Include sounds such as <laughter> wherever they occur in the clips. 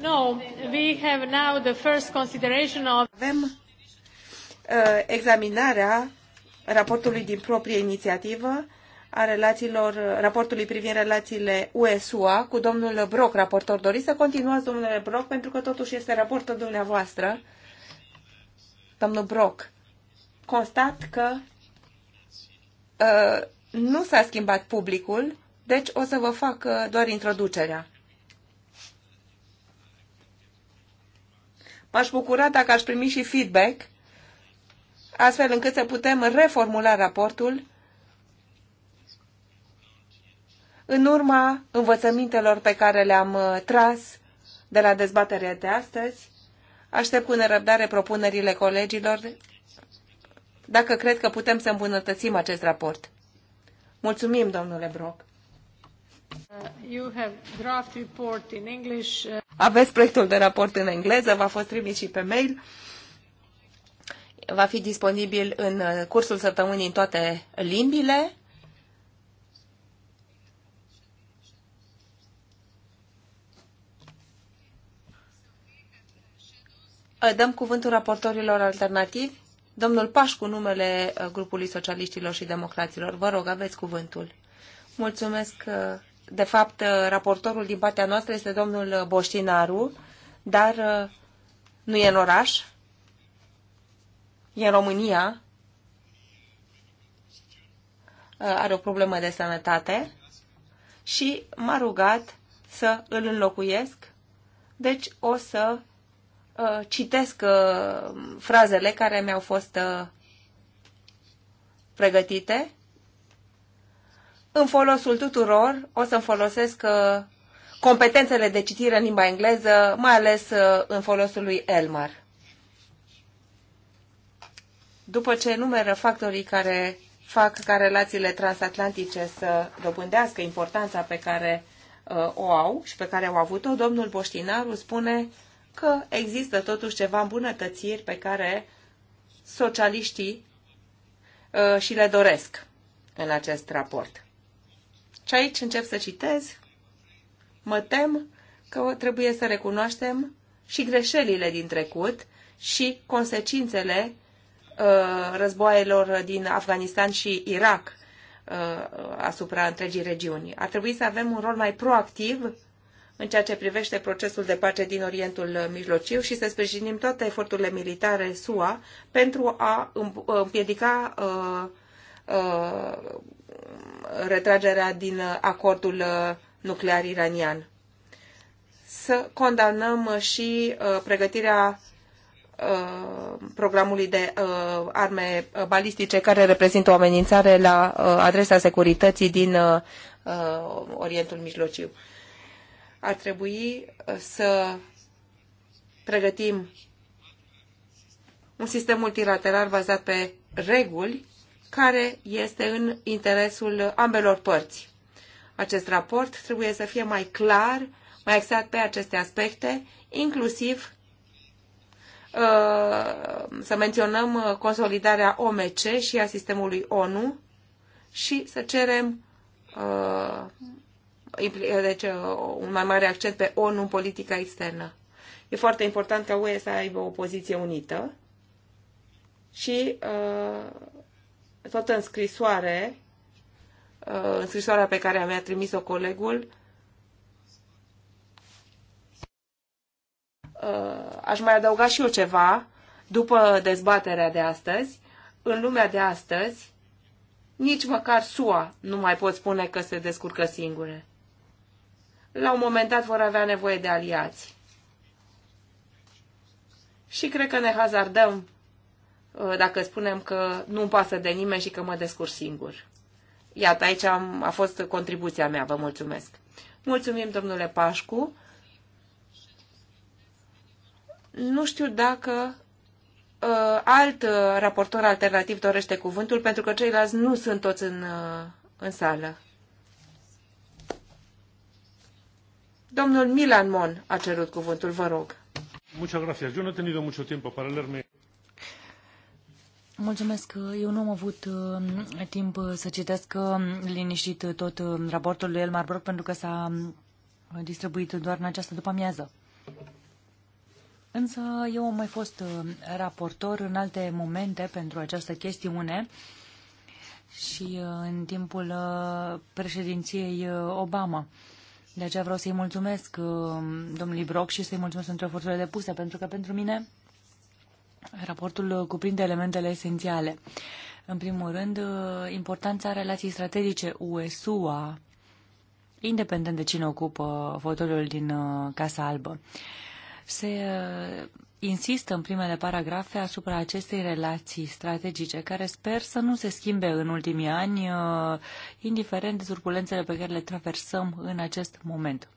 No, we have now the first consideration of... Avem uh, examinarea raportului din proprie inițiativă a relațiilor, raportului privind relațiile USUA cu domnul Brock, raportor. Doriți să continuați, domnule Brock, pentru că totuși este raportul dumneavoastră. Domnul Brock, constat că uh, nu s-a schimbat publicul, deci o să vă fac uh, doar introducerea. M-aș bucura dacă aș primi și feedback, astfel încât să putem reformula raportul în urma învățămintelor pe care le-am uh, tras de la dezbaterea de astăzi. Aștept cu nerăbdare propunerile colegilor dacă cred că putem să îmbunătățim acest raport. Mulțumim, domnule Brock. Uh, you have draft report in English. Uh, aveți proiectul de raport în engleză, v-a fost trimis și pe mail. Va fi disponibil în uh, cursul săptămânii în toate limbile. Uh, dăm cuvântul raportorilor alternativi. Domnul Pașcu, numele uh, grupului socialiștilor și democraților. Vă rog, aveți cuvântul. Mulțumesc, de fapt, uh, raportorul din partea noastră este domnul Boștinaru, dar uh, nu e în oraș, e în România, uh, are o problemă de sănătate și m-a rugat să îl înlocuiesc, deci o să citesc frazele care mi-au fost pregătite în folosul tuturor, o să-mi folosesc uh, competențele de citire în limba engleză, mai ales uh, în folosul lui Elmar. După ce numeră factorii care fac ca relațiile transatlantice să dobândească importanța pe care uh, o au și pe care au avut-o, domnul Boștinaru spune că există totuși ceva îmbunătățiri pe care socialiștii uh, și le doresc în acest raport. Și aici încep să citez. Mă tem că trebuie să recunoaștem și greșelile din trecut și consecințele uh, războaielor din Afganistan și Irak uh, asupra întregii regiuni. Ar trebui să avem un rol mai proactiv în ceea ce privește procesul de pace din Orientul Mijlociu și să sprijinim toate eforturile militare SUA pentru a împiedica uh, Uh, retragerea din acordul uh, nuclear iranian. Să condamnăm și uh, pregătirea programului de arme balistice care reprezintă o amenințare la adresa securității din Orientul Mijlociu. Ar trebui să pregătim un sistem multilateral bazat pe reguli care este în interesul ambelor părți. Acest raport trebuie să fie mai clar, mai exact pe aceste aspecte, inclusiv uh, să menționăm consolidarea OMC și a sistemului ONU și să cerem uh, uh, deci, un mai mare accent pe ONU în politica externă. E foarte important ca UE să aibă o poziție unită și uh, tot în scrisoare, uh, în scrisoarea pe care mi-a trimis-o colegul, uh, aș mai adăuga și eu ceva după dezbaterea de astăzi. În lumea de astăzi, nici măcar SUA nu mai pot spune că se descurcă singure. La un moment dat vor avea nevoie de aliați. Și cred că ne hazardăm Uh, dacă spunem că nu-mi pasă de nimeni și că mă descurc singur. Iată, aici am, a fost contribuția mea, vă mulțumesc. Mulțumim, domnule Pașcu. Nu știu dacă uh, alt uh, raportor alternativ dorește cuvântul, pentru că ceilalți nu sunt toți în, uh, în sală. Domnul Milan Mon a cerut cuvântul, vă rog. Muchas gracias. Yo no he tenido mucho tiempo para leerme. Mulțumesc. Eu nu am avut uh, timp uh, să citesc uh, liniștit uh, tot uh, raportul lui Elmar Brock pentru că s-a uh, distribuit doar în această după-amiază. Însă eu am mai fost uh, raportor în alte momente pentru această chestiune și uh, în timpul uh, președinției uh, Obama. De aceea vreau să-i mulțumesc uh, domnului Brock și să-i mulțumesc pentru eforturile depuse, pentru că pentru mine Raportul cuprinde elementele esențiale. În primul rând, importanța relației strategice UE-SUA, independent de cine ocupă fotoliul din uh, Casa Albă. Se uh, insistă în primele paragrafe asupra acestei relații strategice, care sper să nu se schimbe în ultimii ani, uh, indiferent de turbulențele pe care le traversăm în acest moment.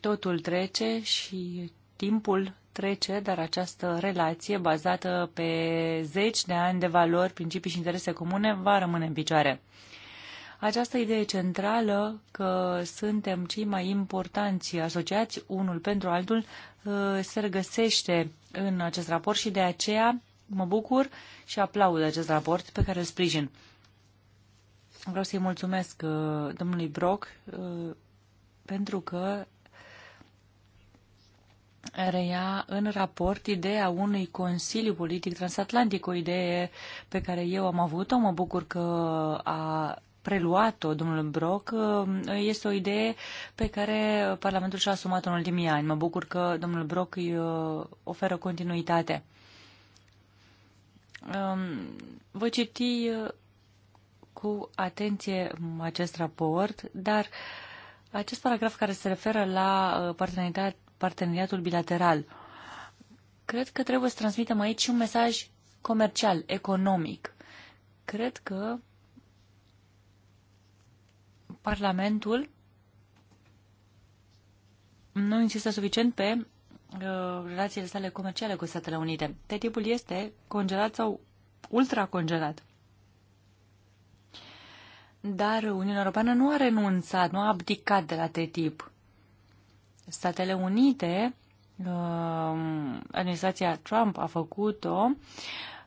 Totul trece și timpul trece, dar această relație bazată pe zeci de ani de valori, principii și interese comune va rămâne în picioare. Această idee centrală că suntem cei mai importanți asociați unul pentru altul uh, se regăsește în acest raport și de aceea mă bucur și aplaud acest raport pe care îl sprijin. Vreau să-i mulțumesc uh, domnului Brock uh, pentru că reia în raport ideea unui Consiliu Politic Transatlantic, o idee pe care eu am avut-o, mă bucur că a preluat-o domnul Brock, este o idee pe care Parlamentul și-a asumat-o în ultimii ani. Mă bucur că domnul Brock îi uh, oferă continuitate. Um, voi citi uh, cu atenție acest raport, dar acest paragraf care se referă la uh, parteneriat, parteneriatul bilateral. Cred că trebuie să transmitem aici și un mesaj comercial, economic. Cred că Parlamentul nu insistă suficient pe uh, relațiile sale comerciale cu Statele Unite. De tipul este congelat sau ultracongelat. Dar Uniunea Europeană nu a renunțat, nu a abdicat de la TTIP. Statele Unite, um, administrația Trump a făcut-o,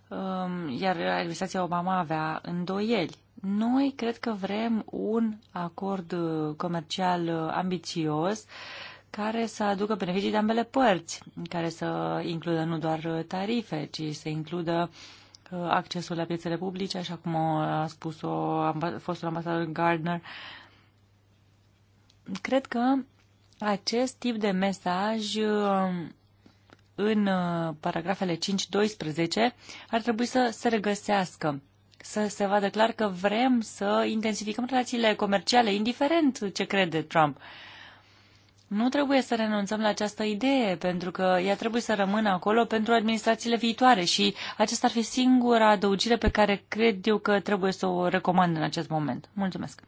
um, iar administrația Obama avea îndoieli. Noi cred că vrem un acord comercial ambițios care să aducă beneficii de ambele părți, care să includă nu doar tarife, ci să includă uh, accesul la piețele publice, așa cum a spus-o fostul ambasador Gardner. Cred că acest tip de mesaj um, în uh, paragrafele 5-12 ar trebui să se regăsească, să se vadă clar că vrem să intensificăm relațiile comerciale, indiferent ce crede Trump. Nu trebuie să renunțăm la această idee, pentru că ea trebuie să rămână acolo pentru administrațiile viitoare și aceasta ar fi singura adăugire pe care cred eu că trebuie să o recomand în acest moment. Mulțumesc!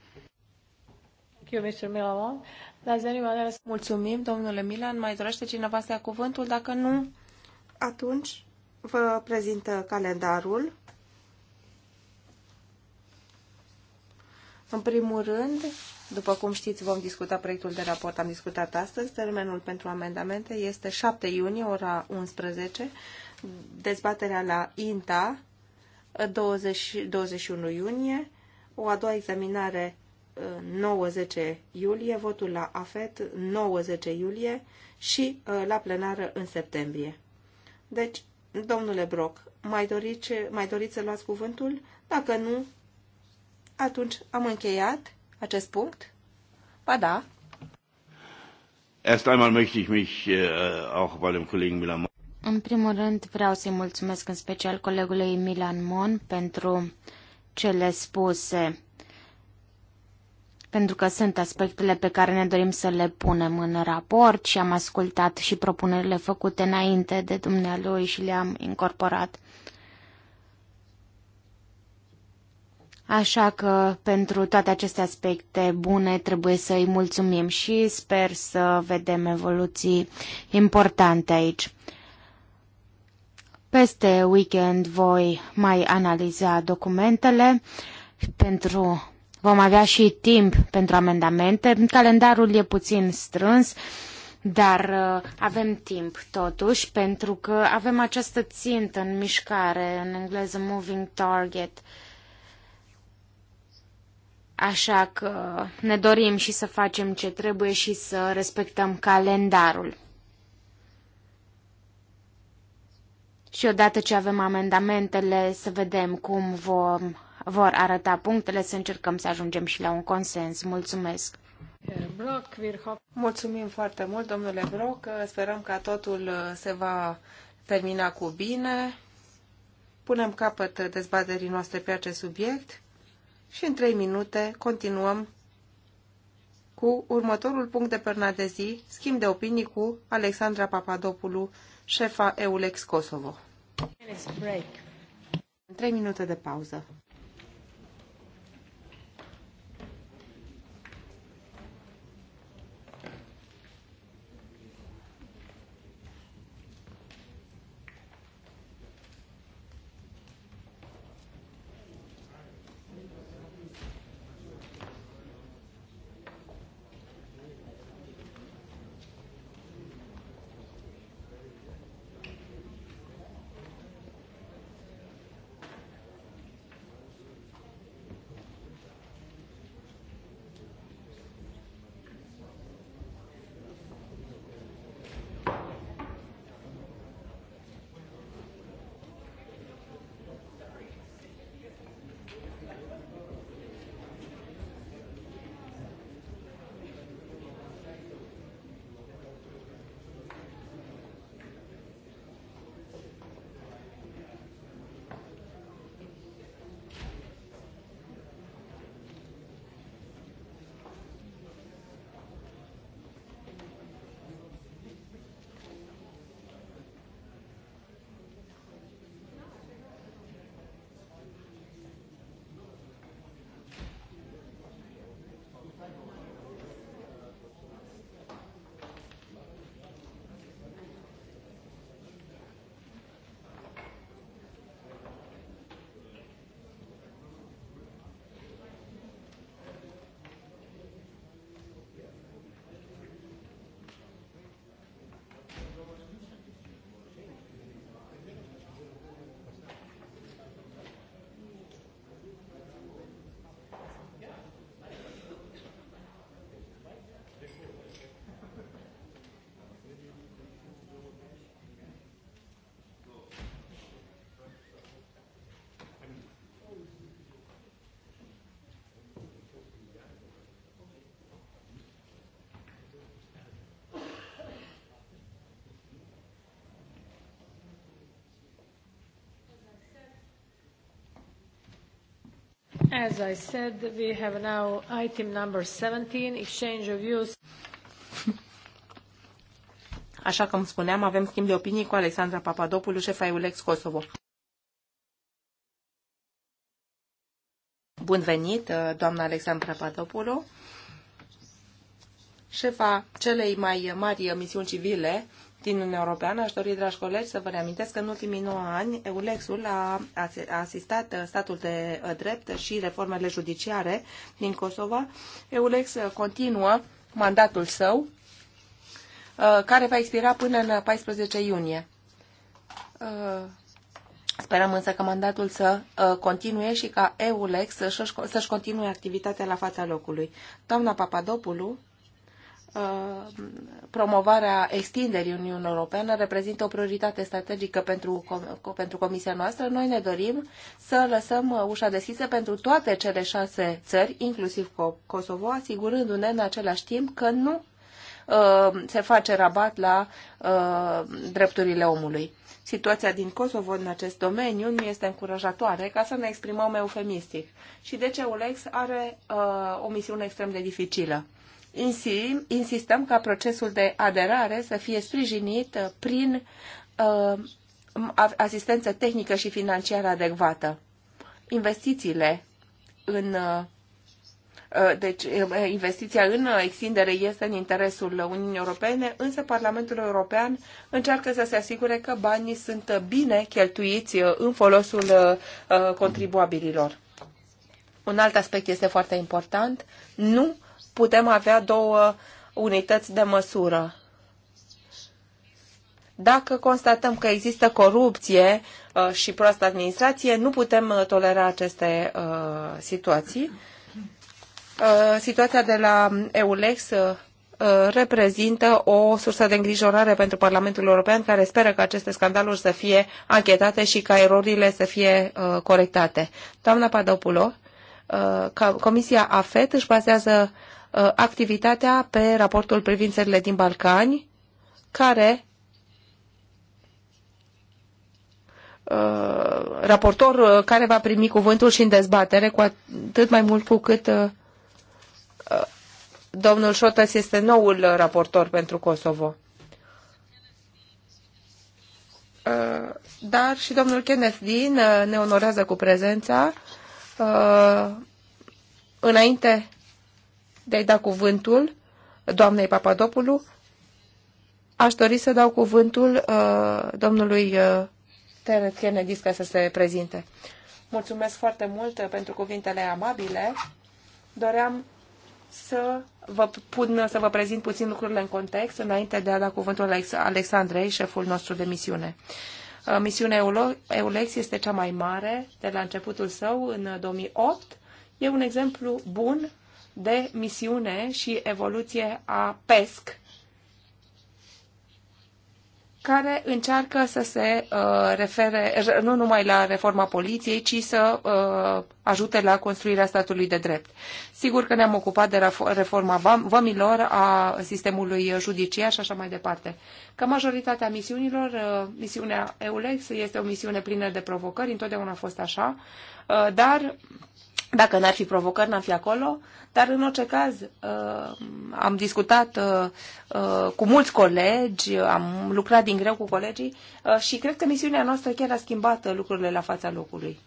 Mulțumim, domnule Milan. Mai dorește cineva să ia cuvântul? Dacă nu, atunci vă prezintă calendarul. În primul rând, după cum știți, vom discuta proiectul de raport, am discutat astăzi. Termenul pentru amendamente este 7 iunie, ora 11, dezbaterea la INTA, 20, 21 iunie, o a doua examinare 90 iulie, votul la AFET 90 iulie și uh, la plenară în septembrie. Deci, domnule Broc, mai doriți, mai doriți să luați cuvântul? Dacă nu, atunci am încheiat acest punct? Ba da. Erst einmal möchte ich mich äh, auch bei dem Kollegen Mon. În primul rând vreau să-i mulțumesc în special colegului Milan Mon pentru cele spuse pentru că sunt aspectele pe care ne dorim să le punem în raport și am ascultat și propunerile făcute înainte de dumnealui și le-am incorporat. Așa că pentru toate aceste aspecte bune trebuie să îi mulțumim și sper să vedem evoluții importante aici. Peste weekend voi mai analiza documentele pentru Vom avea și timp pentru amendamente. Calendarul e puțin strâns, dar uh, avem timp totuși, pentru că avem această țintă în mișcare, în engleză moving target. Așa că ne dorim și să facem ce trebuie și să respectăm calendarul. Și odată ce avem amendamentele, să vedem cum vom vor arăta punctele să încercăm să ajungem și la un consens. Mulțumesc! Mulțumim foarte mult, domnule Broc. Sperăm că totul uh, se va termina cu bine. Punem capăt dezbaterii noastre pe acest subiect și în trei minute continuăm cu următorul punct de perna de zi, schimb de opinii cu Alexandra Papadopoulou, șefa EULEX Kosovo. În trei minute de pauză. As I said, we have now item number 17, exchange of views. <laughs> Așa cum spuneam, avem schimb de opinii cu Alexandra Papadopoulou, șefa EULEX Kosovo. Bun venit, uh, doamna Alexandra Papadopoulou, șefa celei mai mari misiuni civile din Uniunea Europeană, aș dori, dragi colegi, să vă reamintesc că în ultimii 9 ani EULEX-ul a asistat uh, statul de uh, drept și reformele judiciare din Kosova. EULEX uh, continuă mandatul său, care va expira până în 14 iunie. Sperăm însă că mandatul să continue și ca EULEX să-și continue activitatea la fața locului. Doamna Papadopoulou Uh, promovarea extinderii Uniunii Europene reprezintă o prioritate strategică pentru, pentru Comisia noastră. Noi ne dorim să lăsăm uh, ușa deschisă pentru toate cele șase țări, inclusiv Kosovo, asigurându-ne în același timp că nu uh, se face rabat la drepturile omului. Situația din Kosovo în acest domeniu nu este încurajatoare, ca să ne exprimăm eufemistic. Și deci Ulex are uh, o misiune extrem de dificilă insistăm ca procesul de aderare să fie sprijinit uh, prin uh, asistență tehnică și financiară adecvată. Investițiile în uh, deci investiția în extindere este în interesul Uniunii Europene, însă Parlamentul European încearcă să se asigure că banii sunt bine cheltuiți în folosul contribuabililor. Un alt aspect este foarte important. Nu putem avea două unități de măsură. Dacă constatăm că există corupție uh, și proastă administrație, nu putem uh, tolera aceste uh, situații. Situația de la EULEX reprezintă o sursă de îngrijorare pentru Parlamentul European, care speră că aceste scandaluri să fie anchetate și ca erorile să fie uh, corectate. Doamna Padopulo, uh, Comisia AFET își bazează Uh, activitatea pe raportul privind țările din Balcani, care uh, raportor uh, care va primi cuvântul și în dezbatere, cu atât mai mult cu cât domnul Șotas este noul raportor pentru Kosovo. Dar și domnul Kenneth Dean ne onorează cu prezența. Înainte de a-i da cuvântul doamnei Papadopoulou, aș dori să dau cuvântul uh, domnului uh, Teret Kennedy ca să se prezinte. Mulțumesc foarte mult pentru cuvintele amabile. Doream să vă, pun, să vă prezint puțin lucrurile în context înainte de a da cuvântul Alexandrei, șeful nostru de misiune. Uh, misiunea EULEX este cea mai mare de la începutul său în 2008. E un exemplu bun de misiune și evoluție a PESC, care încearcă să se uh, refere nu numai la reforma poliției, ci să uh, ajute la construirea statului de drept. Sigur că ne-am ocupat de reforma vămilor, a sistemului judiciar și așa mai departe. Ca majoritatea misiunilor, uh, misiunea EULEX este o misiune plină de provocări, întotdeauna a fost așa, uh, dar dacă n-ar fi provocări, n-am fi acolo, dar în orice caz uh, am discutat uh, uh, cu mulți colegi, am lucrat din greu cu colegii și cred că misiunea noastră chiar a schimbat lucrurile la fața locului.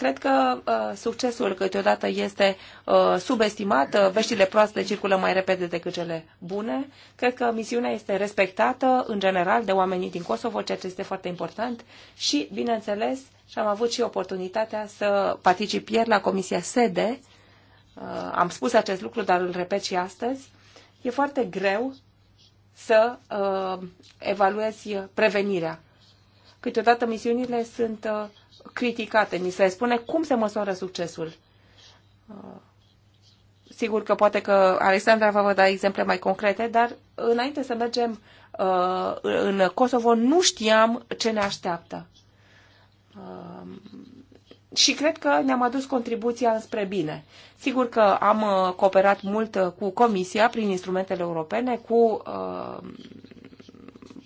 Cred că uh, succesul câteodată este uh, subestimat, uh, veștile proaste circulă mai repede decât cele bune. Cred că misiunea este respectată în general de oamenii din Kosovo, ceea ce este foarte important și, bineînțeles, și am avut și oportunitatea să particip ieri la Comisia SEDE. Uh, am spus acest lucru, dar îl repet și astăzi. E foarte greu să uh, evaluezi prevenirea. Câteodată misiunile sunt uh, criticate. Ni se spune cum se măsoară succesul. Uh, sigur că poate că Alexandra vă va da exemple mai concrete, dar înainte să mergem uh, în Kosovo nu știam ce ne așteaptă. Uh, și cred că ne-am adus contribuția spre bine. Sigur că am cooperat mult cu Comisia prin instrumentele europene, cu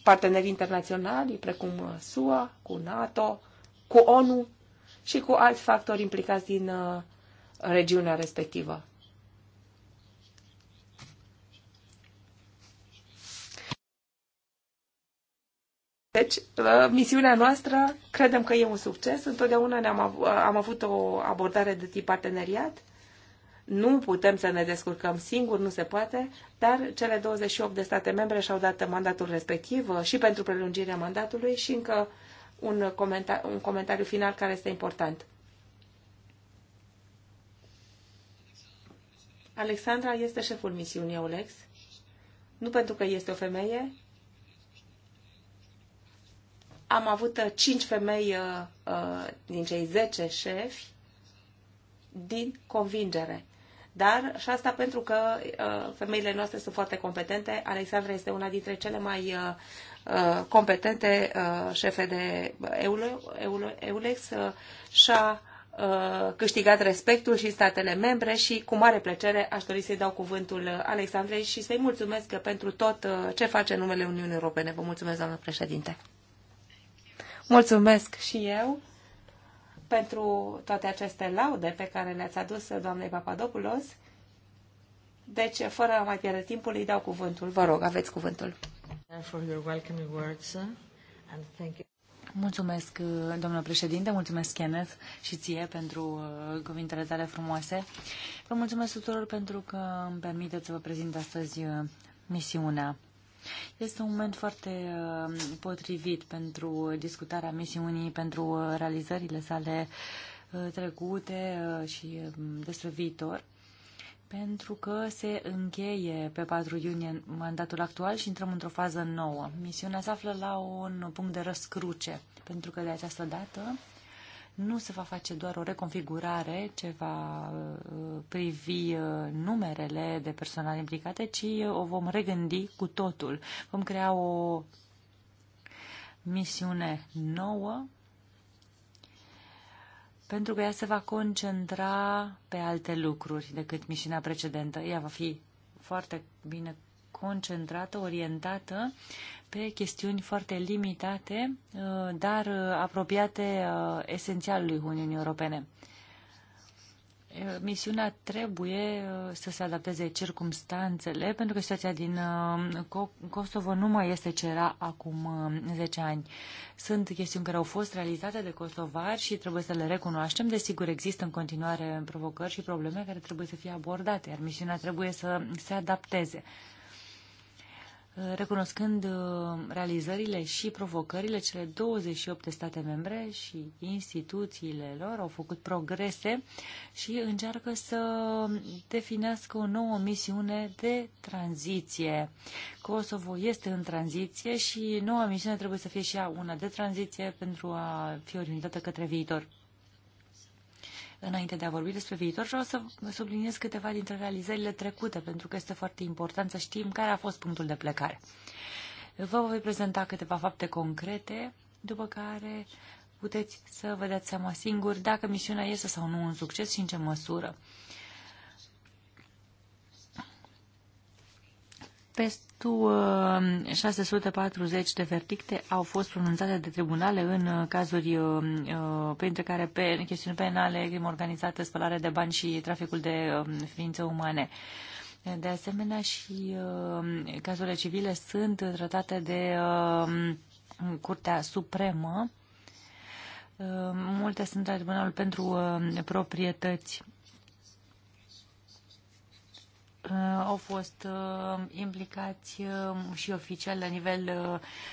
parteneri internaționali, precum SUA, cu NATO, cu ONU și cu alți factori implicați din uh, regiunea respectivă. Deci, uh, misiunea noastră credem că e un succes. Întotdeauna ne-am av- uh, am avut o abordare de tip parteneriat. Nu putem să ne descurcăm singuri, nu se poate, dar cele 28 de state membre și-au dat mandatul respectiv și pentru prelungirea mandatului și încă uh, un, comentar- un comentariu final care este important. Alexandra este șeful misiunii Olex. Nu pentru că este o femeie. Am avut uh, cinci femei uh, uh, din cei zece șefi din convingere. Dar și asta pentru că uh, femeile noastre sunt foarte competente. Alexandra este una dintre cele mai uh, Uh, competente uh, șefe de uh, EULEX și-a câștigat respectul și statele membre și cu mare plăcere aș dori să-i dau cuvântul Alexandrei și să-i mulțumesc pentru tot ce face numele Uniunii Europene. Vă mulțumesc, doamnă președinte. Mulțumesc și eu pentru toate aceste laude pe care le-ați adus doamnei Papadopoulos. Deci, fără a mai pierde timpul, îi dau cuvântul. Vă rog, aveți cuvântul. Mulțumesc, domnule președinte, mulțumesc, Kenneth, și ție pentru uh, cuvintele tale frumoase. Vă mulțumesc tuturor pentru că îmi permiteți să vă prezint astăzi uh, misiunea. Este un moment foarte uh, potrivit pentru discutarea misiunii, pentru realizările sale trecute și despre viitor pentru că se încheie pe 4 iunie mandatul actual și intrăm într-o fază nouă. Misiunea se află la un punct de răscruce, pentru că de această dată nu se va face doar o reconfigurare ce va uh, privi uh, numerele de personal implicate, ci uh, o vom regândi cu totul. Vom crea o misiune nouă pentru că ea se va concentra pe alte lucruri decât misiunea precedentă. Ea va fi foarte bine concentrată, orientată pe chestiuni foarte limitate, uh, dar uh, apropiate uh, esențialului Uniunii Europene. Eh, misiunea trebuie eh, să se adapteze circumstanțele, pentru că situația din eh, Kosovo nu mai este ce era acum 10 ani. Sunt chestiuni care au fost realizate de kosovari și trebuie să le recunoaștem. Desigur, există în continuare provocări și probleme care trebuie să fie abordate, iar misiunea trebuie să se adapteze recunoscând uh, realizările și provocările, cele 28 de state membre și instituțiile lor au făcut progrese și încearcă să definească o nouă misiune de tranziție. Kosovo este în tranziție și noua misiune trebuie să fie și ea una de tranziție pentru a fi orientată către viitor. Înainte de a vorbi despre viitor, vreau să subliniez câteva dintre realizările trecute, pentru că este foarte important să știm care a fost punctul de plecare. Vă voi prezenta câteva fapte concrete, după care puteți să vă dați seama singuri dacă misiunea este sau nu un succes și în ce măsură. Peste 640 uh, de verdicte au fost pronunțate de tribunale în uh, cazuri uh, printre care pe chestiuni penale, crimă organizată, spălare de bani și traficul de um, ființe umane. De asemenea, și cazurile civile sunt tratate de Curtea Supremă. Multe sunt la Tribunalul pentru Proprietăți Uh, au fost uh, implicați uh, și oficial la nivel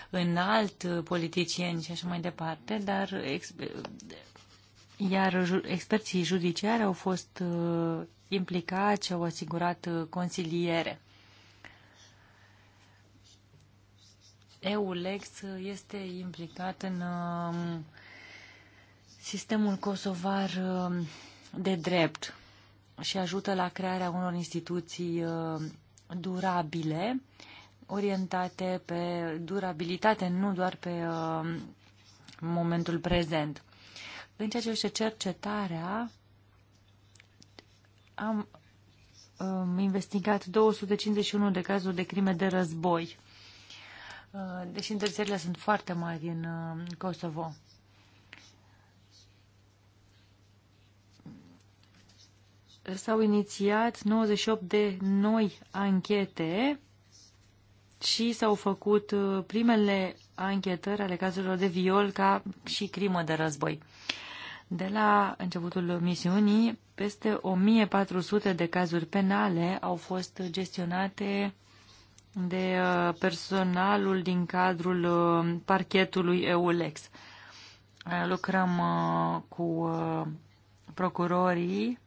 înalt, politicieni și așa mai departe, dar iar experții judiciari au fost implicați și au asigurat consiliere. EULEX este implicat în um, sistemul kosovar um, de drept și ajută la crearea unor instituții uh, durabile, orientate pe durabilitate, nu doar pe uh, momentul prezent. În ceea ce este cercetarea, am um, investigat 251 de cazuri de crime de război. Uh, deși întârzierile sunt foarte mari în Kosovo. s-au inițiat 98 de noi anchete și s-au făcut uh, primele anchetări ale cazurilor de viol ca și crimă de război. De la începutul misiunii, peste 1400 de cazuri penale au fost gestionate de uh, personalul din cadrul uh, parchetului EULEX. Lucrăm cu procurorii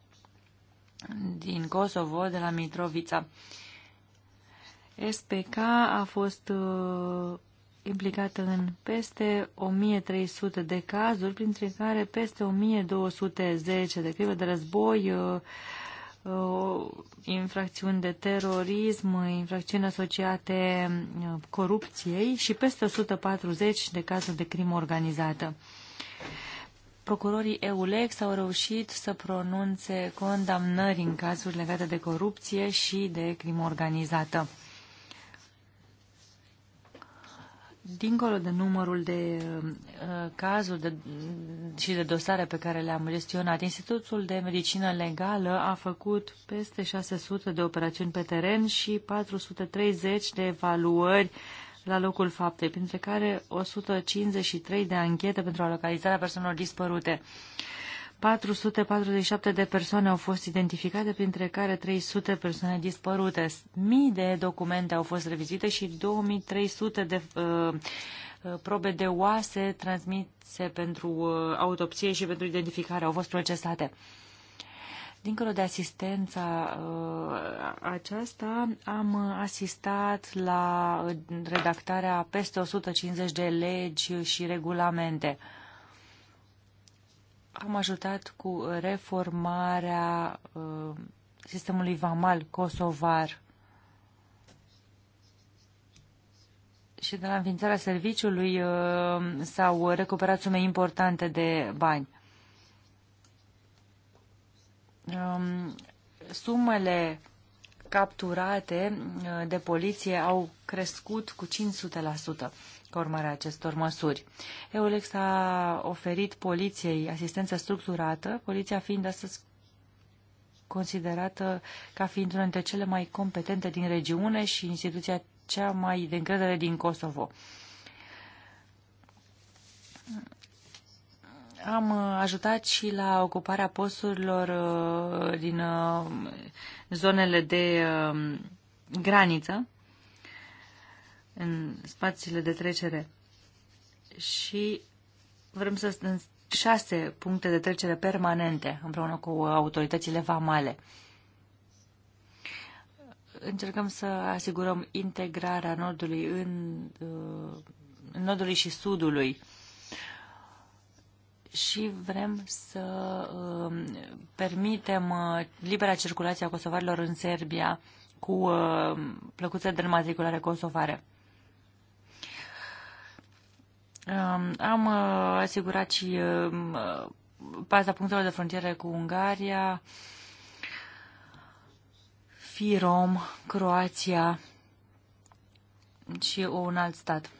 din Kosovo, de la Mitrovița. SPK a fost uh, implicată în peste 1300 de cazuri, printre care peste 1210 de crime de război, uh, uh, infracțiuni de terorism, infracțiuni asociate uh, corupției și peste 140 de cazuri de crimă organizată procurorii EULEX au reușit să pronunțe condamnări în cazuri legate de corupție și de crimă organizată. Dincolo de numărul de uh, cazuri de, și de dosare pe care le-am gestionat, Institutul de Medicină Legală a făcut peste 600 de operațiuni pe teren și 430 de evaluări uh, la locul faptei, printre care 153 de anchete pentru a localizarea persoanelor dispărute. 447 de persoane au fost identificate, printre care 300 persoane dispărute. Mii de documente au fost revizite și 2300 de uh, uh, probe de oase transmise pentru uh, autopsie și pentru identificare au fost procesate. Dincolo de asistența uh, aceasta, am asistat la redactarea peste 150 de legi și regulamente. Am ajutat cu reformarea uh, sistemului VAMAL kosovar. Și de la înființarea serviciului uh, s-au recuperat sume importante de bani. Um, sumele capturate uh, de poliție au crescut cu 500% ca urmare a acestor măsuri. Eulex a oferit poliției asistență structurată, poliția fiind astăzi considerată ca fiind una dintre cele mai competente din regiune și instituția cea mai de încredere din Kosovo. Am uh, ajutat și la ocuparea posturilor uh, din uh, zonele de um, graniță, în spațiile de trecere. Și vrem să în șase puncte de trecere permanente împreună cu autoritățile vamale. Încercăm să asigurăm integrarea nordului în, în nordului și sudului și vrem să um, permitem uh, libera circulație a kosovarilor în Serbia cu uh, plăcuțe de înmatriculare kosovare. Um, am uh, asigurat și paza um, punctelor de frontieră cu Ungaria, Firom, Croația și un alt stat.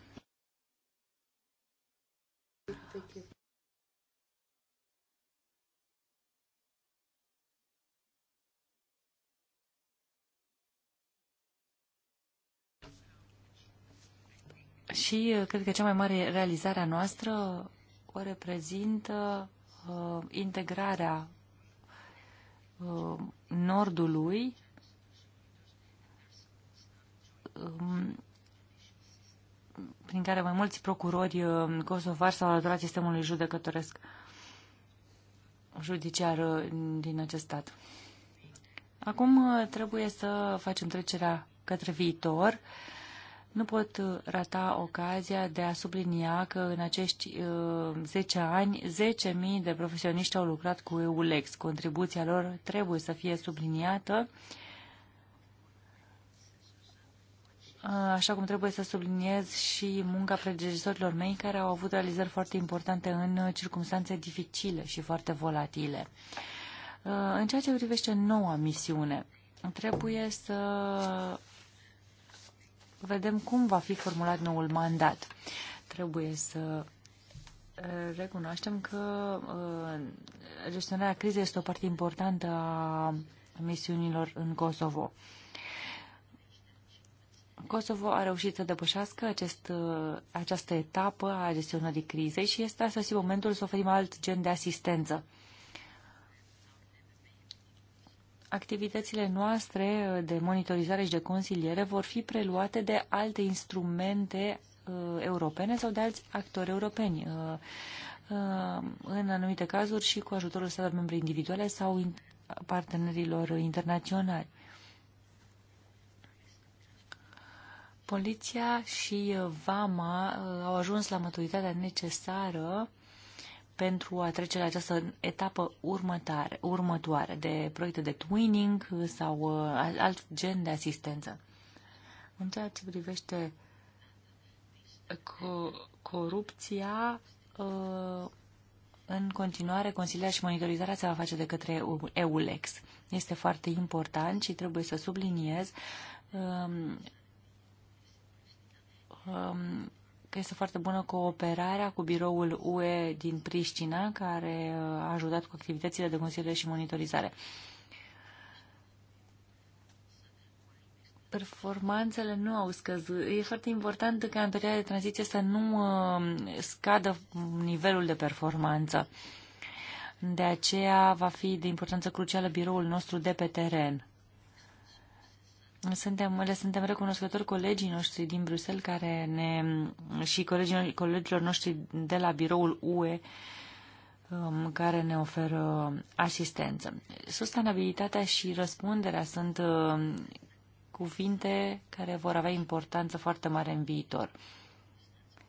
Și uh, cred că cea mai mare realizare a noastră o reprezintă uh, integrarea uh, Nordului um, prin care mai mulți procurori uh, kosovari s-au alăturat sistemului judecătoresc judiciar uh, din acest stat. Acum uh, trebuie să facem trecerea către viitor. Uh, nu pot uh, rata ocazia de a sublinia că în acești uh, 10 ani 10.000 de profesioniști au lucrat cu EULEX. Contribuția lor trebuie să fie subliniată, uh, așa cum trebuie să subliniez și munca predecesorilor mei care au avut realizări foarte importante în uh, circunstanțe dificile și foarte volatile. În ceea ce privește noua misiune, trebuie să vedem cum va fi formulat noul mandat. Trebuie să uh, recunoaștem că uh, gestionarea crizei este o parte importantă a misiunilor în Kosovo. Kosovo a reușit să depășească acest, uh, această etapă a gestionării crizei și este astăzi momentul să oferim alt gen de asistență. activitățile noastre de monitorizare și de consiliere vor fi preluate de alte instrumente uh, europene sau de alți actori europeni. Uh, uh, în anumite cazuri și cu ajutorul statelor membre individuale sau partenerilor internaționali. Poliția și VAMA au ajuns la maturitatea necesară pentru a trece la această etapă următoare, următoare de proiecte de twinning sau uh, alt gen de asistență. În ceea ce privește co- corupția, uh, în continuare, consilierea și monitorizarea se va face de către EULEX. Este foarte important și trebuie să subliniez um, um, că este foarte bună cooperarea cu biroul UE din Priștina, care uh, a ajutat cu activitățile de consiliere și monitorizare. performanțele nu au scăzut. E foarte important ca în perioada de tranziție să nu uh, scadă nivelul de performanță. De aceea va fi de importanță crucială biroul nostru de pe teren. Suntem, le suntem recunoscători colegii noștri din Bruxelles care ne, și colegii, colegilor noștri de la biroul UE um, care ne oferă asistență. Sustenabilitatea și răspunderea sunt um, cuvinte care vor avea importanță foarte mare în viitor.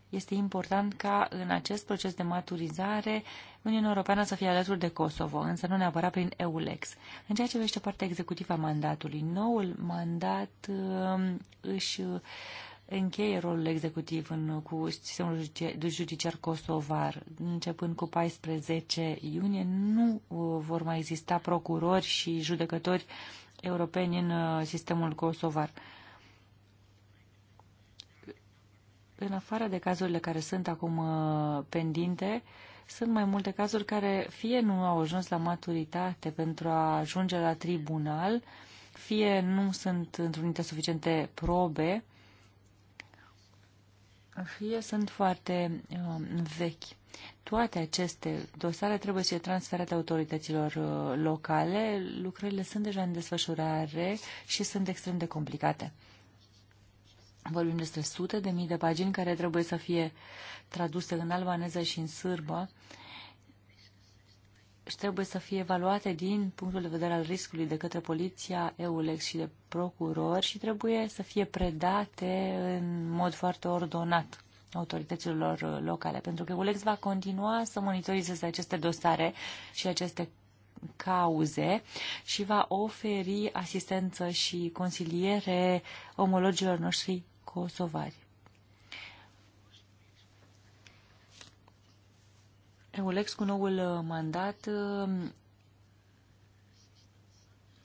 Este important ca în acest proces de maturizare Uniunea Europeană să fie alături de Kosovo, însă nu neapărat prin EULEX. În ceea ce vește partea executivă a mandatului, noul mandat um, își uh, încheie rolul executiv în, cu sistemul judiciar kosovar. Începând cu 14 iunie, nu uh, vor mai exista procurori și judecători europeni în uh, sistemul kosovar. În afară de cazurile care sunt acum pendinte, uh, sunt mai multe cazuri care fie nu au ajuns la maturitate pentru a ajunge la tribunal, fie nu sunt întrunite suficiente probe, fie sunt foarte uh, vechi. Toate aceste dosare trebuie să fie transferate autorităților uh, locale. Lucrările sunt deja în desfășurare și sunt extrem de complicate. Vorbim despre sute de mii de pagini care trebuie să fie traduse în albaneză și în sârbă și trebuie să fie evaluate din punctul de vedere al riscului de către poliția, EULEX și de procuror și trebuie să fie predate în mod foarte ordonat autorităților locale, pentru că EULEX va continua să monitorizeze aceste dosare și aceste cauze și va oferi asistență și consiliere omologilor noștri kosovari. Eulex cu noul uh, mandat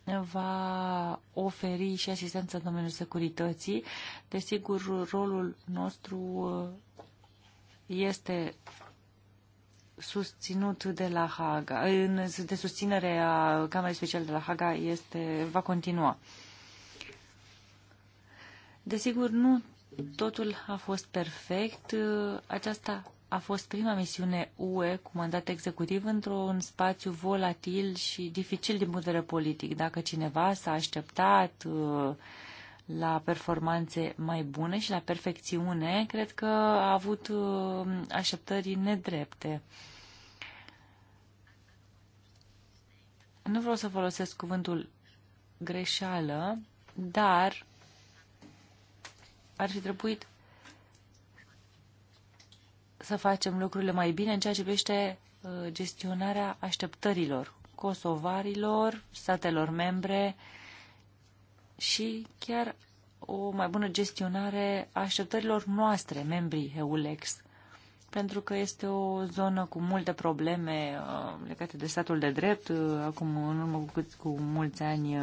uh, va oferi și asistență în domeniul securității. Desigur, rolul nostru uh, este susținut de la Haga, de susținerea Camerei Speciale de la Haga este, va continua. Desigur, nu totul a fost perfect. Aceasta a fost prima misiune UE cu mandat executiv într-un spațiu volatil și dificil din punct de vedere politic. Dacă cineva s-a așteptat uh, la performanțe mai bune și la perfecțiune, cred că a avut uh, așteptări nedrepte. Nu vreau să folosesc cuvântul greșeală, dar ar fi trebuit să facem lucrurile mai bine în ceea ce privește uh, gestionarea așteptărilor kosovarilor, statelor membre și chiar o mai bună gestionare a așteptărilor noastre, membrii EULEX, pentru că este o zonă cu multe probleme uh, legate de statul de drept. Uh, acum, în urmă cu, cu mulți ani,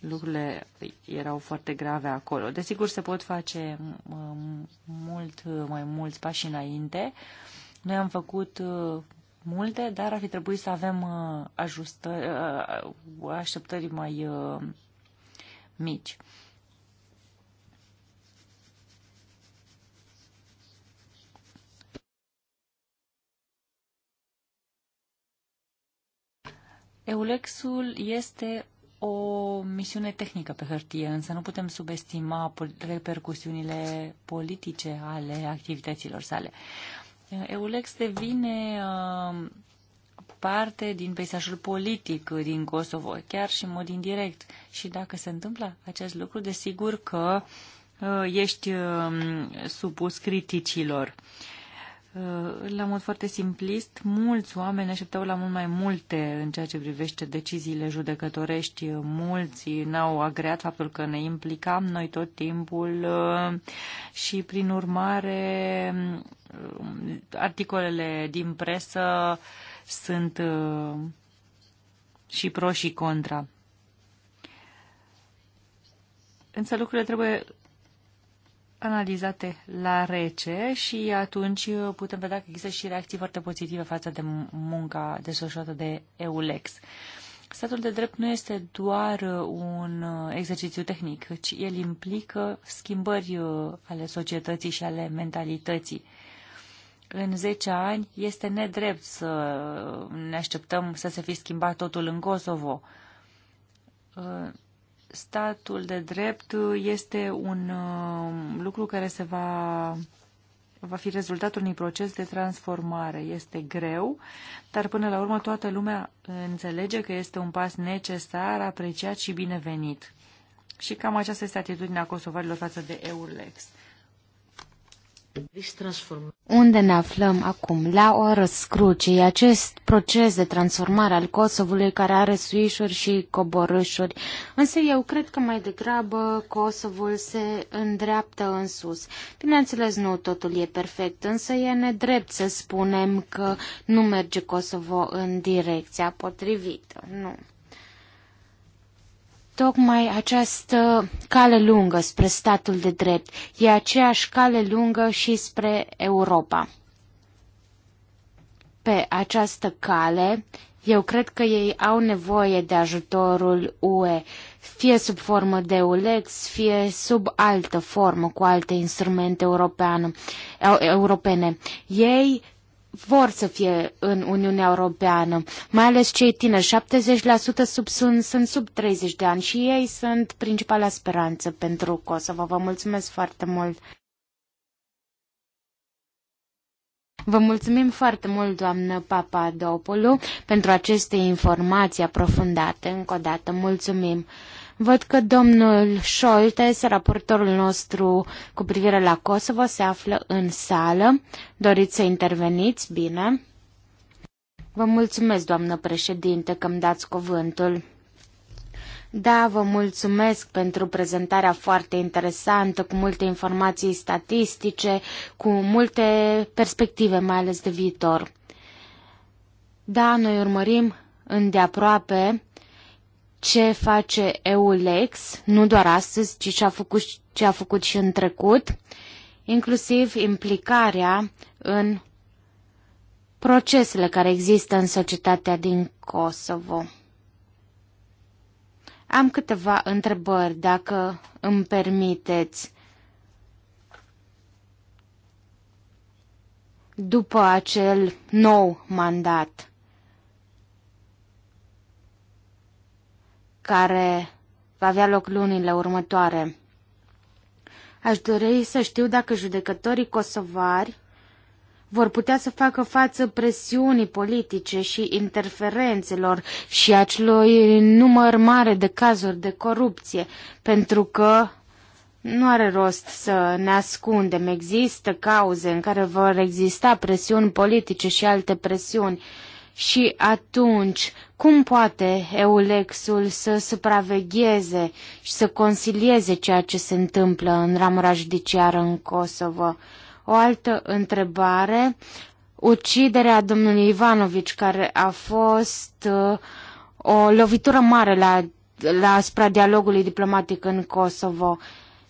lucrurile erau foarte grave acolo. Desigur, se pot face um, mult mai mulți pași înainte. Noi am făcut uh, multe, dar ar fi trebuit să avem uh, ajustări, uh, așteptări mai mici. Eulexul este o misiune tehnică pe hârtie, însă nu putem subestima repercusiunile politice ale activităților sale. EULEX devine uh, parte din peisajul politic din Kosovo, chiar și în mod indirect. Și dacă se întâmplă acest lucru, desigur că uh, ești um, supus criticilor. Uh, la mod foarte simplist, mulți oameni așteptau la mult mai multe în ceea ce privește deciziile judecătorești. Mulți n-au agreat faptul că ne implicam noi tot timpul uh, și, prin urmare, uh, articolele din presă sunt și pro și contra. Însă lucrurile trebuie analizate la rece și atunci putem vedea că există și reacții foarte pozitive față de munca desfășurată de EULEX. Statul de drept nu este doar un exercițiu tehnic, ci el implică schimbări ale societății și ale mentalității. În 10 ani este nedrept să ne așteptăm să se fi schimbat totul în Kosovo statul de drept este un uh, lucru care se va, va fi rezultatul unui proces de transformare. Este greu, dar până la urmă toată lumea înțelege că este un pas necesar, apreciat și binevenit. Și cam aceasta este atitudinea kosovarilor față de Eurlex. Unde ne aflăm acum? La o răscruce. E acest proces de transformare al Kosovului care are suișuri și coborâșuri. Însă eu cred că mai degrabă Kosovul se îndreaptă în sus. Bineînțeles, nu totul e perfect, însă e nedrept să spunem că nu merge Kosovo în direcția potrivită. Nu tocmai această cale lungă spre statul de drept. E aceeași cale lungă și spre Europa. Pe această cale, eu cred că ei au nevoie de ajutorul UE, fie sub formă de ULEX, fie sub altă formă, cu alte instrumente europene. Ei vor să fie în Uniunea Europeană, mai ales cei tineri, 70% sub, sunt, sunt sub 30 de ani și ei sunt principala speranță pentru Kosovo. Vă mulțumesc foarte mult! Vă mulțumim foarte mult, doamnă Papadopoulou, pentru aceste informații aprofundate. Încă o dată, mulțumim! Văd că domnul Scholtes, raportorul nostru cu privire la Kosovo, se află în sală. Doriți să interveniți? Bine. Vă mulțumesc, doamnă președinte, că îmi dați cuvântul. Da, vă mulțumesc pentru prezentarea foarte interesantă, cu multe informații statistice, cu multe perspective, mai ales de viitor. Da, noi urmărim îndeaproape ce face EULEX, nu doar astăzi, ci ce a făcut, ce a făcut și în trecut, inclusiv implicarea în procesele care există în societatea din Kosovo. Am câteva întrebări, dacă îmi permiteți. După acel nou mandat. care va avea loc lunile următoare. Aș dori să știu dacă judecătorii kosovari vor putea să facă față presiunii politice și interferențelor și acelui număr mare de cazuri de corupție, pentru că nu are rost să ne ascundem. Există cauze în care vor exista presiuni politice și alte presiuni și atunci, cum poate Eulexul să supravegheze și să consilieze ceea ce se întâmplă în ramura judiciară în Kosovo? O altă întrebare, uciderea domnului Ivanovici, care a fost uh, o lovitură mare la, la asupra dialogului diplomatic în Kosovo.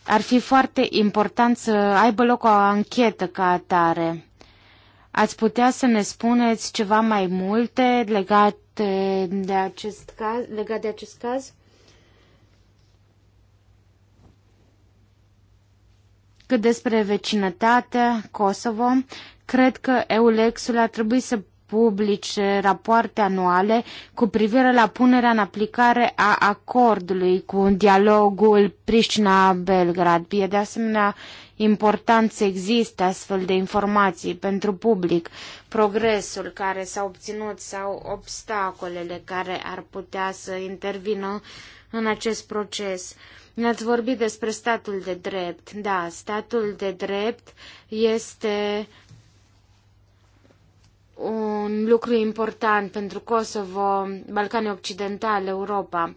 Ar fi foarte important să aibă loc o anchetă ca atare. Ați putea să ne spuneți ceva mai multe legat eh, de acest caz? Legat de acest caz? Cât despre vecinătate, Kosovo, cred că EULEXUL ar trebui să publice rapoarte anuale cu privire la punerea în aplicare a acordului cu dialogul Priștina-Belgrad. E de asemenea important să existe astfel de informații pentru public, progresul care s-a obținut sau obstacolele care ar putea să intervină în acest proces. Ne-ați vorbit despre statul de drept. Da, statul de drept este un lucru important pentru Kosovo, Balcanii Occidentale, Europa.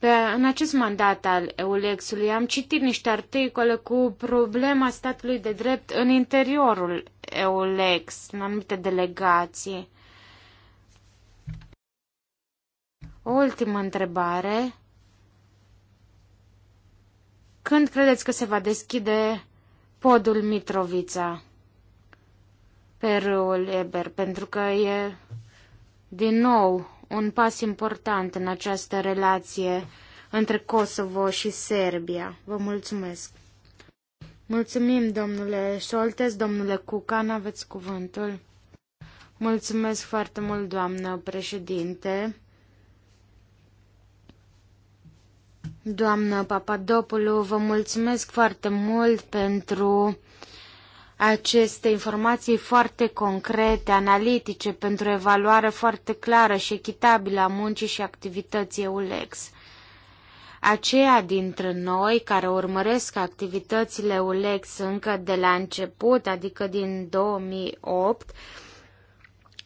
Pe, în acest mandat al Eulexului am citit niște articole cu problema statului de drept în interiorul EULEX, în anumite delegații. O ultimă întrebare. Când credeți că se va deschide podul Mitrovița pe râul Eber? Pentru că e din nou un pas important în această relație între Kosovo și Serbia. Vă mulțumesc! Mulțumim, domnule Soltes, domnule Cucan, aveți cuvântul. Mulțumesc foarte mult, doamnă președinte. Doamnă Papadopoulou, vă mulțumesc foarte mult pentru aceste informații foarte concrete, analitice, pentru o evaluare foarte clară și echitabilă a muncii și activității ULEX. Aceia dintre noi care urmăresc activitățile ULEX încă de la început, adică din 2008,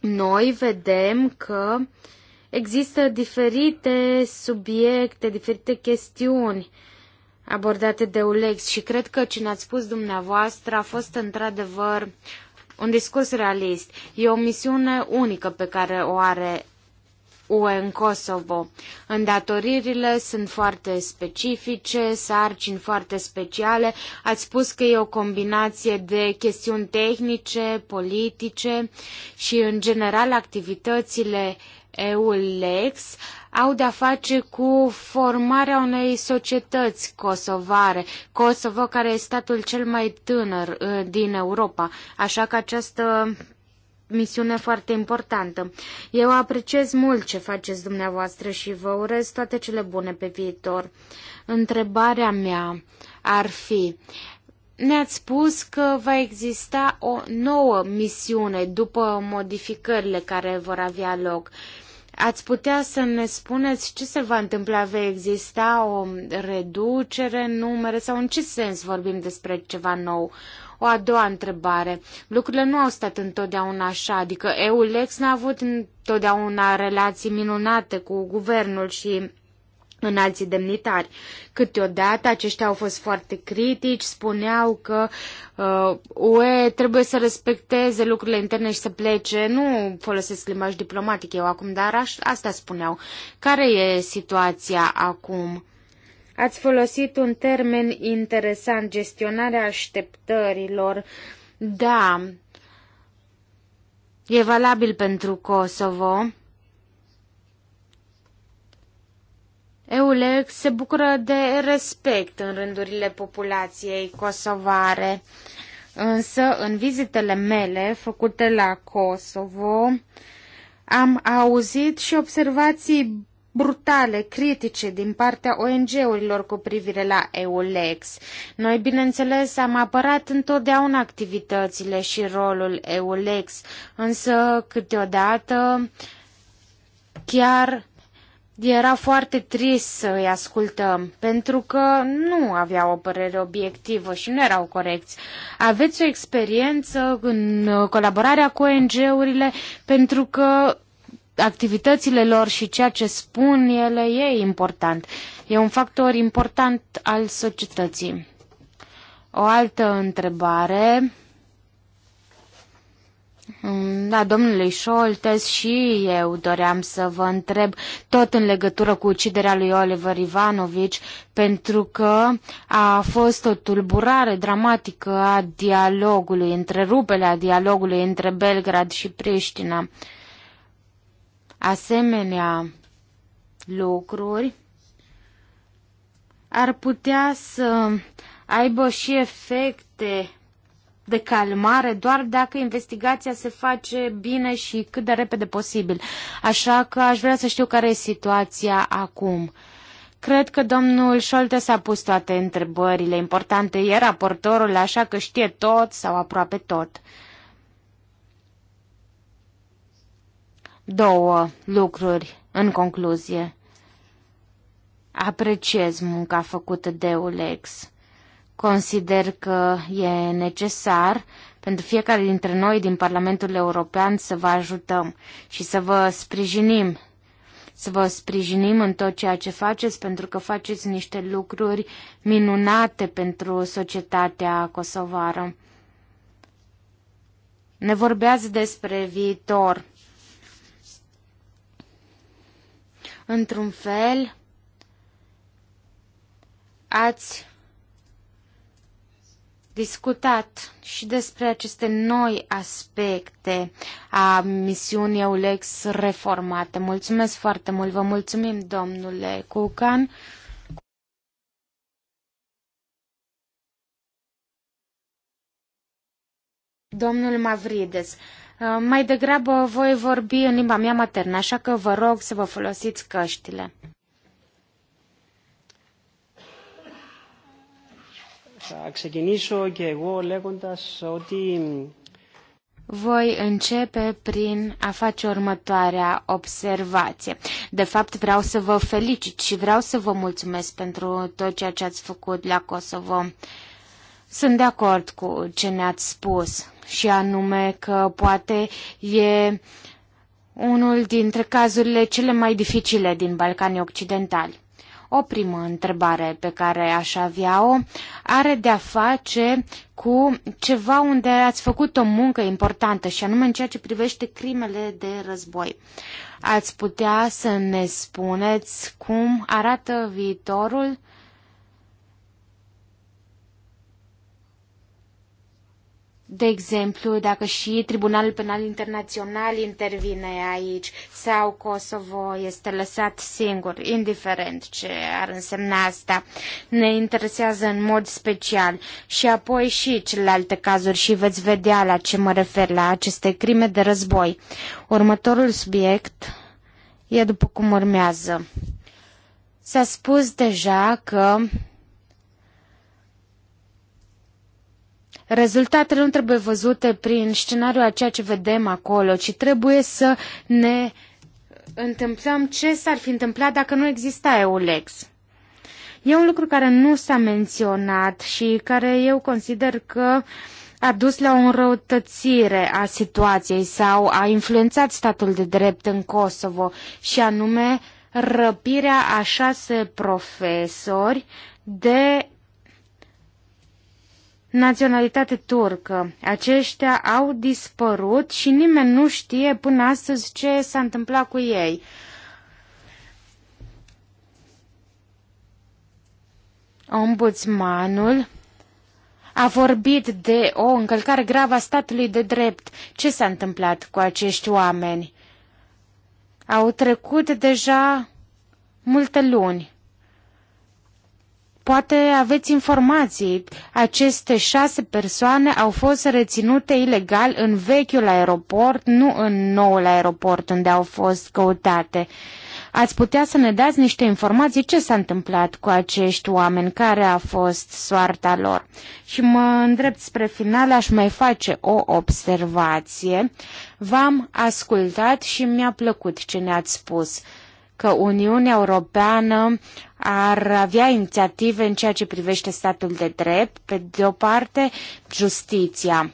noi vedem că există diferite subiecte, diferite chestiuni uh, abordate de ULEX și cred că ce ne-ați spus dumneavoastră a fost într-adevăr un discurs realist. E o misiune unică pe care o are UE în Kosovo. Îndatoririle sunt foarte specifice, sarcini foarte speciale. Ați spus că e o combinație de chestiuni tehnice, politice și, în general, activitățile EULEX au de-a face cu formarea unei societăți kosovare, Kosovo care este statul cel mai tânăr uh, din Europa, așa că această misiune foarte importantă. Eu apreciez mult ce faceți dumneavoastră și vă urez toate cele bune pe viitor. Întrebarea mea ar fi, ne-ați spus că va exista o nouă misiune după modificările care vor avea loc. Ați putea să ne spuneți ce se va întâmpla? Vei exista o reducere în numere sau în ce sens vorbim despre ceva nou? O a doua întrebare. Lucrurile nu au stat întotdeauna așa, adică EULEX n-a avut întotdeauna relații minunate cu guvernul și în alții demnitari. Câteodată aceștia au fost foarte critici, spuneau că uh, UE trebuie să respecteze lucrurile interne și să plece. Nu folosesc limbaj diplomatic eu acum, dar aș, asta spuneau. Care e situația acum? Ați folosit un termen interesant, gestionarea așteptărilor. Da, e valabil pentru Kosovo. EULEX se bucură de respect în rândurile populației kosovare. Însă, în vizitele mele făcute la Kosovo, am auzit și observații brutale, critice din partea ONG-urilor cu privire la EULEX. Noi, bineînțeles, am apărat întotdeauna activitățile și rolul EULEX, însă câteodată chiar era foarte trist să îi ascultăm, pentru că nu aveau o părere obiectivă și nu erau corecți. Aveți o experiență în colaborarea cu ONG-urile, pentru că activitățile lor și ceea ce spun ele e important. E un factor important al societății. O altă întrebare Mm, da, domnule Scholtes, și eu doream să vă întreb tot în legătură cu uciderea lui Oliver Ivanovici, pentru că a fost o tulburare dramatică a dialogului, a dialogului între Belgrad și Priștina. Asemenea lucruri ar putea să aibă și efecte de calmare doar dacă investigația se face bine și cât de repede posibil. Așa că aș vrea să știu care e situația acum. Cred că domnul Șolte s-a pus toate întrebările importante. E raportorul, așa că știe tot sau aproape tot. Două lucruri în concluzie. Apreciez munca făcută de Ulex. Consider că e necesar pentru fiecare dintre noi din Parlamentul European să vă ajutăm și să vă sprijinim să vă sprijinim în tot ceea ce faceți, pentru că faceți niște lucruri minunate pentru societatea kosovară. Ne vorbeați despre viitor. Într-un fel, ați discutat și despre aceste noi aspecte a misiunii EULEX reformate. Mulțumesc foarte mult, vă mulțumim, domnule Cucan. Domnul Mavrides, uh, mai degrabă voi vorbi în limba mea maternă, așa că vă rog să vă folosiți căștile. Θα ξεκινήσω και εγώ λέγοντας ότι voi începe prin a face următoarea observație. De fapt, vreau să vă felicit și vreau să vă mulțumesc pentru tot ceea ce ați făcut la Kosovo. Sunt de acord cu ce ne-ați spus și anume că poate e unul dintre cazurile cele mai dificile din Balcanii Occidentali. O primă întrebare pe care aș avea-o are de-a face cu ceva unde ați făcut o muncă importantă și anume în ceea ce privește crimele de război. Ați putea să ne spuneți cum arată viitorul de exemplu, dacă și Tribunalul Penal Internațional intervine aici sau Kosovo este lăsat singur, indiferent ce ar însemna asta, ne interesează în mod special. Și apoi și celelalte cazuri și veți vedea la ce mă refer la aceste crime de război. Următorul subiect e după cum urmează. S-a spus deja că Rezultatele nu trebuie văzute prin scenariul a ceea ce vedem acolo, ci trebuie să ne întâmplăm ce s-ar fi întâmplat dacă nu exista EULEX. E un lucru care nu s-a menționat și care eu consider că a dus la o înrăutățire a situației sau a influențat statul de drept în Kosovo și anume răpirea a șase profesori de naționalitate turcă. Aceștia au dispărut și nimeni nu știe până astăzi ce s-a întâmplat cu ei. Ombudsmanul a vorbit de o încălcare gravă a statului de drept. Ce s-a întâmplat cu acești oameni? Au trecut deja multe luni. Poate aveți informații. Aceste șase persoane au fost reținute ilegal în vechiul aeroport, nu în noul aeroport unde au fost căutate. Ați putea să ne dați niște informații ce s-a întâmplat cu acești oameni, care a fost soarta lor. Și mă îndrept spre final, aș mai face o observație. V-am ascultat și mi-a plăcut ce ne-ați spus, că Uniunea Europeană ar avea inițiative în ceea ce privește statul de drept, pe de o parte, justiția.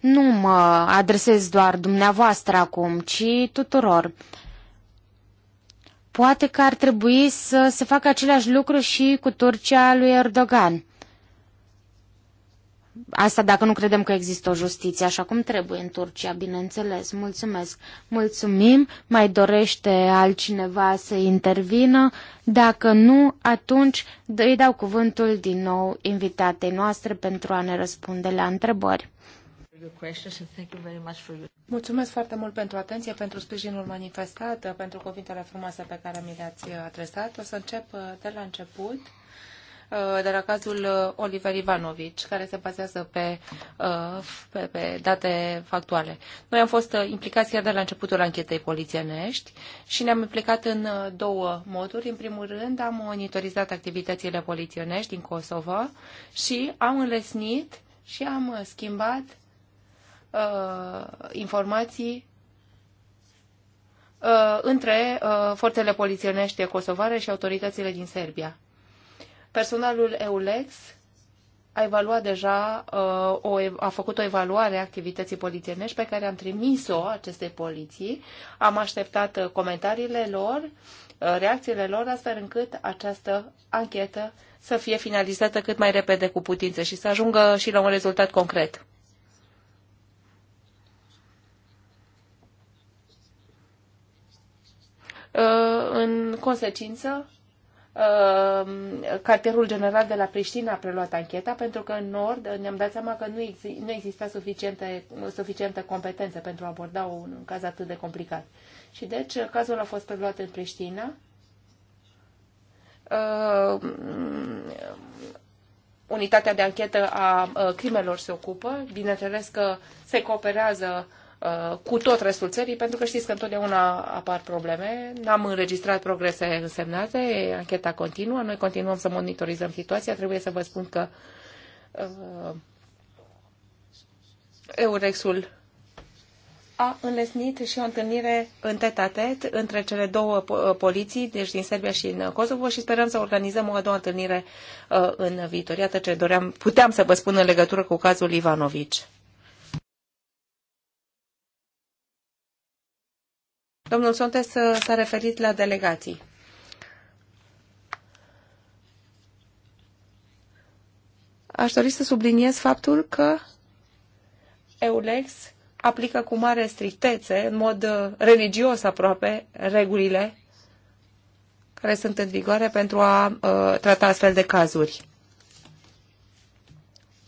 Nu mă adresez doar dumneavoastră acum, ci tuturor. Poate că ar trebui să se facă același lucru și cu Turcia lui Erdogan. Asta dacă nu credem că există o justiție așa cum trebuie în Turcia, bineînțeles. Mulțumesc. Mulțumim. Mai dorește altcineva să intervină? Dacă nu, atunci îi dau cuvântul din nou invitatei noastre pentru a ne răspunde la întrebări. Mulțumesc foarte mult pentru atenție, pentru sprijinul manifestat, pentru cuvintele frumoase pe care mi le-ați adresat. O să încep uh, de la început Uh, de la cazul uh, Oliver Ivanovic care se bazează pe, uh, pe, pe date factuale. Noi am fost implicați chiar de la începutul anchetei polițienești și ne-am implicat în două moduri. În primul rând, am monitorizat activitățile polițienești din Kosovo și am înlesnit și am schimbat uh, informații între forțele polițienești kosovare și autoritățile din Serbia. Personalul EULEX a evaluat deja, uh, o, a făcut o evaluare a activității polițienești pe care am trimis-o acestei poliții. Am așteptat uh, comentariile lor, uh, reacțiile lor, astfel încât această anchetă să fie finalizată cât mai repede cu putință și să ajungă și la un rezultat concret. În consecință, Uh, cartierul general de la Priștina a preluat ancheta pentru că în Nord ne-am dat seama că nu, exi- nu exista suficientă, suficientă competență pentru a aborda un caz atât de complicat. Și deci uh, cazul a fost preluat în Priștina. Uh, unitatea de anchetă a uh, crimelor se ocupă. Bineînțeles că se cooperează uh, Uh, cu tot restul țării, pentru că știți că întotdeauna apar probleme. N-am înregistrat progrese însemnate, ancheta continuă, noi continuăm să monitorizăm situația. Trebuie să vă spun că uh, Eurexul a înlesnit și o întâlnire în tet-a-tet între cele două uh, poliții, deci din Serbia și în Kosovo și sperăm să organizăm o a doua întâlnire uh, în viitor. Iată ce doream, puteam să vă spun în legătură cu cazul Ivanovici. Domnul Sontes uh, s-a referit la delegații. Aș dori să subliniez faptul că EULEX aplică cu mare strictețe, în mod uh, religios aproape, regulile care sunt în vigoare pentru a uh, trata astfel de cazuri.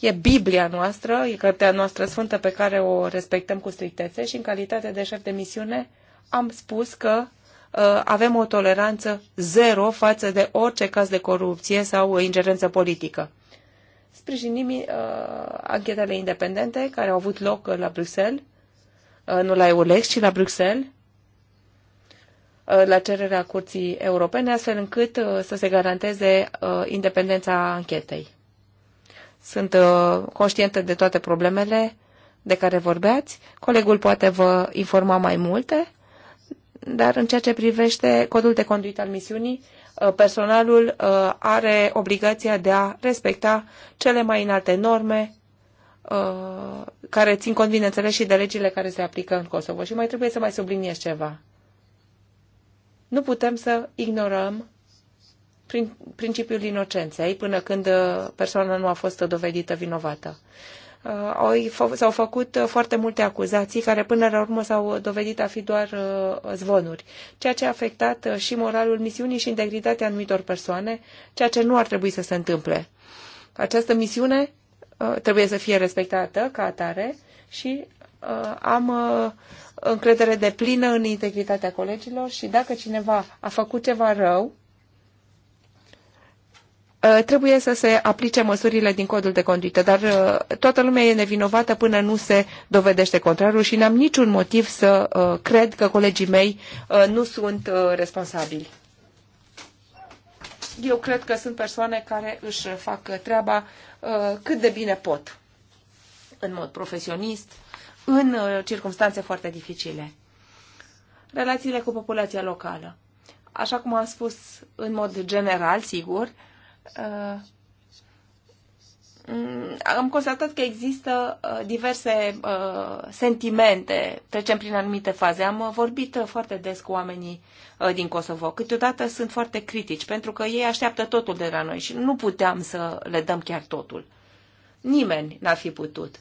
E Biblia noastră, e cartea noastră sfântă pe care o respectăm cu strictețe și în calitate de șef de misiune uh, am spus că uh, avem o toleranță zero față de orice caz de corupție sau o ingerență politică. Sprijinim uh, anchetele independente care au avut loc uh, la Bruxelles, uh, nu la EULEX, ci la Bruxelles, uh, la cererea Curții Europene, astfel încât uh, să se garanteze uh, independența anchetei. Sunt uh, conștientă de toate problemele de care vorbeați. Colegul poate vă informa mai multe dar în ceea ce privește codul de conduită al misiunii, uh, personalul uh, are obligația de a respecta cele mai înalte norme uh, care țin cont, bineînțeles, și de legile care se aplică în Kosovo. Și mai trebuie să mai subliniez ceva. Nu putem să ignorăm principiul inocenței până când persoana nu a fost dovedită vinovată. Uh, s-au făcut uh, foarte multe acuzații care până la urmă s-au dovedit a fi doar uh, zvonuri, ceea ce a afectat și moralul misiunii și integritatea anumitor persoane, ceea ce nu ar trebui să se întâmple. Această misiune trebuie să fie respectată ca atare și am încredere de plină în integritatea colegilor și dacă cineva a făcut ceva rău, Uh, trebuie să se aplice măsurile din codul de conduită, dar uh, toată lumea e nevinovată până nu se dovedește contrarul și n-am niciun motiv să uh, cred că colegii mei nu sunt responsabili. Eu cred că sunt persoane care își fac treaba cât de bine pot, în mod profesionist, în circunstanțe foarte dificile. Relațiile cu populația locală. Așa cum am spus în mod general, sigur, uh, Uh, am constatat că există uh, diverse uh, sentimente, trecem prin anumite faze. Am vorbit foarte des cu oamenii din Kosovo. Câteodată sunt foarte critici, pentru că ei așteaptă totul de la noi și nu puteam să le dăm chiar totul. Nimeni n-ar fi putut.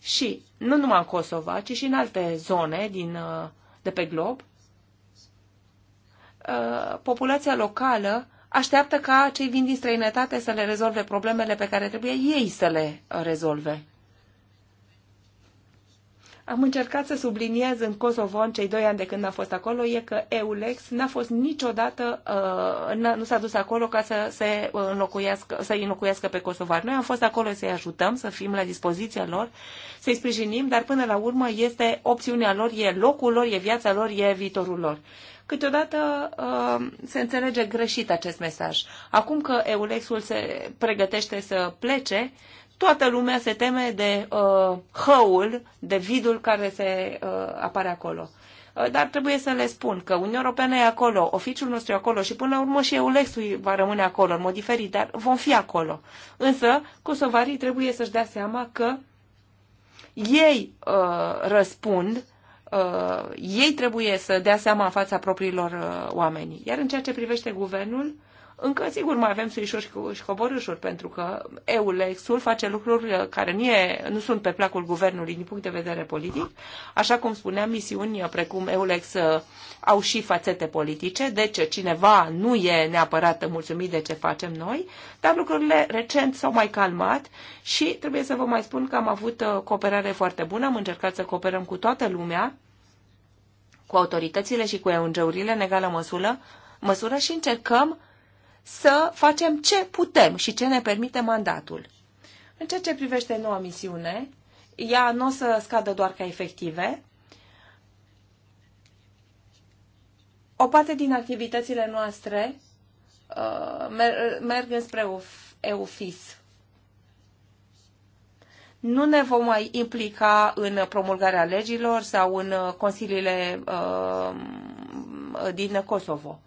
Și nu numai în Kosova, ci și în alte zone din, de pe glob, populația locală așteaptă ca cei vin din străinătate să le rezolve problemele pe care trebuie ei să le rezolve. Am încercat să subliniez în Kosovo în cei doi ani de când am fost acolo e că EULEX n-a fost niciodată, uh, nu s-a dus acolo ca să se uh, înlocuiască, să înlocuiască pe kosovari. Noi am fost acolo să-i ajutăm, să fim la dispoziția lor, să-i sprijinim, dar până la urmă este opțiunea lor, e locul lor, e viața lor, e viitorul lor. Câteodată uh, se înțelege greșit acest mesaj. Acum că Eulexul se pregătește să plece, toată lumea se teme de uh, hăul, de vidul care se uh, apare acolo. Uh, dar trebuie să le spun că Uniunea Europeană e acolo, oficiul nostru e acolo și până la urmă și eulex va rămâne acolo în mod diferit, dar vom fi acolo. Însă, kosovarii trebuie să-și dea seama că ei uh, răspund, uh, ei trebuie să dea seama în fața propriilor uh, oameni. Iar în ceea ce privește guvernul, uh, încă sigur mai avem suișuri și coborâșuri, pentru că EULEX-ul face lucruri uh, care nu, e, nu sunt pe placul guvernului din punct de vedere politic. Așa cum spuneam, misiuni uh, precum EULEX uh, au și fațete politice, deci cineva nu e neapărat mulțumit de ce facem noi, dar lucrurile recent s-au mai calmat și trebuie să vă mai spun că am avut cooperare foarte bună, am încercat să cooperăm cu toată lumea, cu autoritățile și cu ONG-urile în egală măsură, măsură și încercăm să facem ce putem și ce ne permite mandatul. În ceea ce privește noua misiune, ea nu o să scadă doar ca efective. O parte din activitățile noastre uh, merg înspre EUFIS. Nu ne vom mai implica în promulgarea legilor sau în uh, consiliile uh, din Kosovo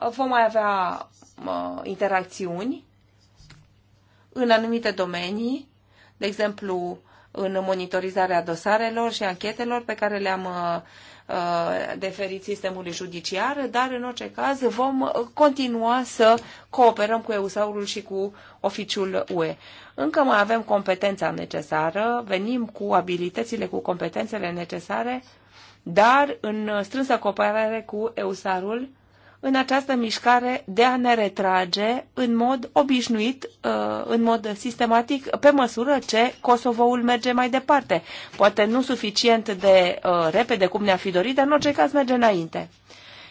vom mai avea uh, interacțiuni în anumite domenii, de exemplu, în monitorizarea dosarelor și anchetelor pe care le-am uh, uh deferit sistemului judiciar, dar în orice caz vom uh, continua să cooperăm cu EUSAUR-ul și cu oficiul UE. Încă mai avem competența necesară, venim cu abilitățile, cu competențele necesare, dar în strânsă cooperare cu EUSAR-ul în această mișcare de a ne retrage în mod obișnuit, uh, în mod sistematic, pe măsură ce Kosovoul merge mai departe. Poate nu suficient de uh, repede cum ne-a fi dorit, dar în orice caz merge înainte.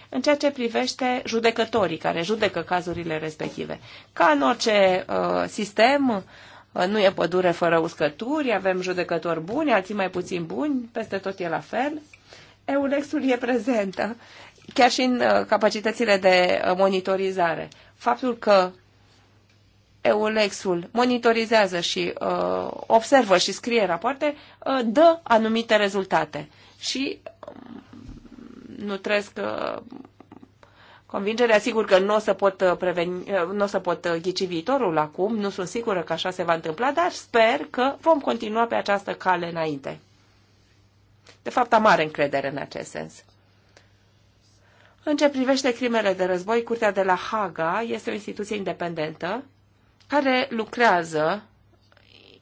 În ceea ce privește judecătorii care judecă cazurile respective. Ca în orice uh, sistem, nu e pădure fără uscături, avem judecători buni, alții mai puțin buni, peste tot e la fel. Eulexul e prezentă chiar și în uh, capacitățile de uh, monitorizare. Faptul că EULEX-ul monitorizează și uh, observă și scrie rapoarte, uh, dă anumite rezultate. Și uh, um, nu trăiesc uh, convingerea, sigur că nu o să pot, uh, preveni, uh, nu o să pot ghici viitorul acum, nu sunt sigură că așa se va întâmpla, dar sper că vom continua pe această cale înainte. De fapt, am mare încredere în acest sens. În ce privește crimele de război, Curtea de la Haga este o instituție independentă care lucrează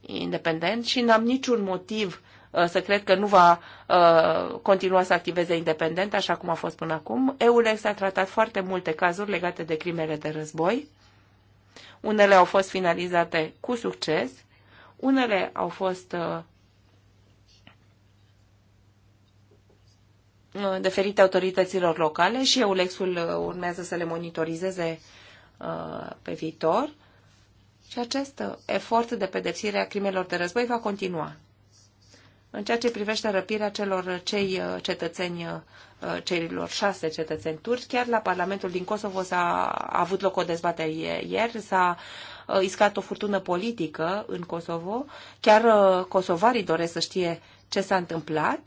independent și n-am niciun motiv uh, să cred că nu va uh, continua să activeze independent, așa cum a fost până acum. EULEX a tratat foarte multe cazuri legate de crimele de război. Unele au fost finalizate cu succes, unele au fost uh, Uh, deferite autorităților locale și EULEX-ul uh, urmează să le monitorizeze uh, pe viitor. Și acest efort de pedepsire a crimelor de război va continua. În ceea ce privește răpirea celor cei cetățeni, celor șase cetățeni turci, chiar la Parlamentul din Kosovo s-a avut loc o dezbatere ieri, s-a iscat o furtună politică în Kosovo, chiar kosovarii doresc să știe ce s-a întâmplat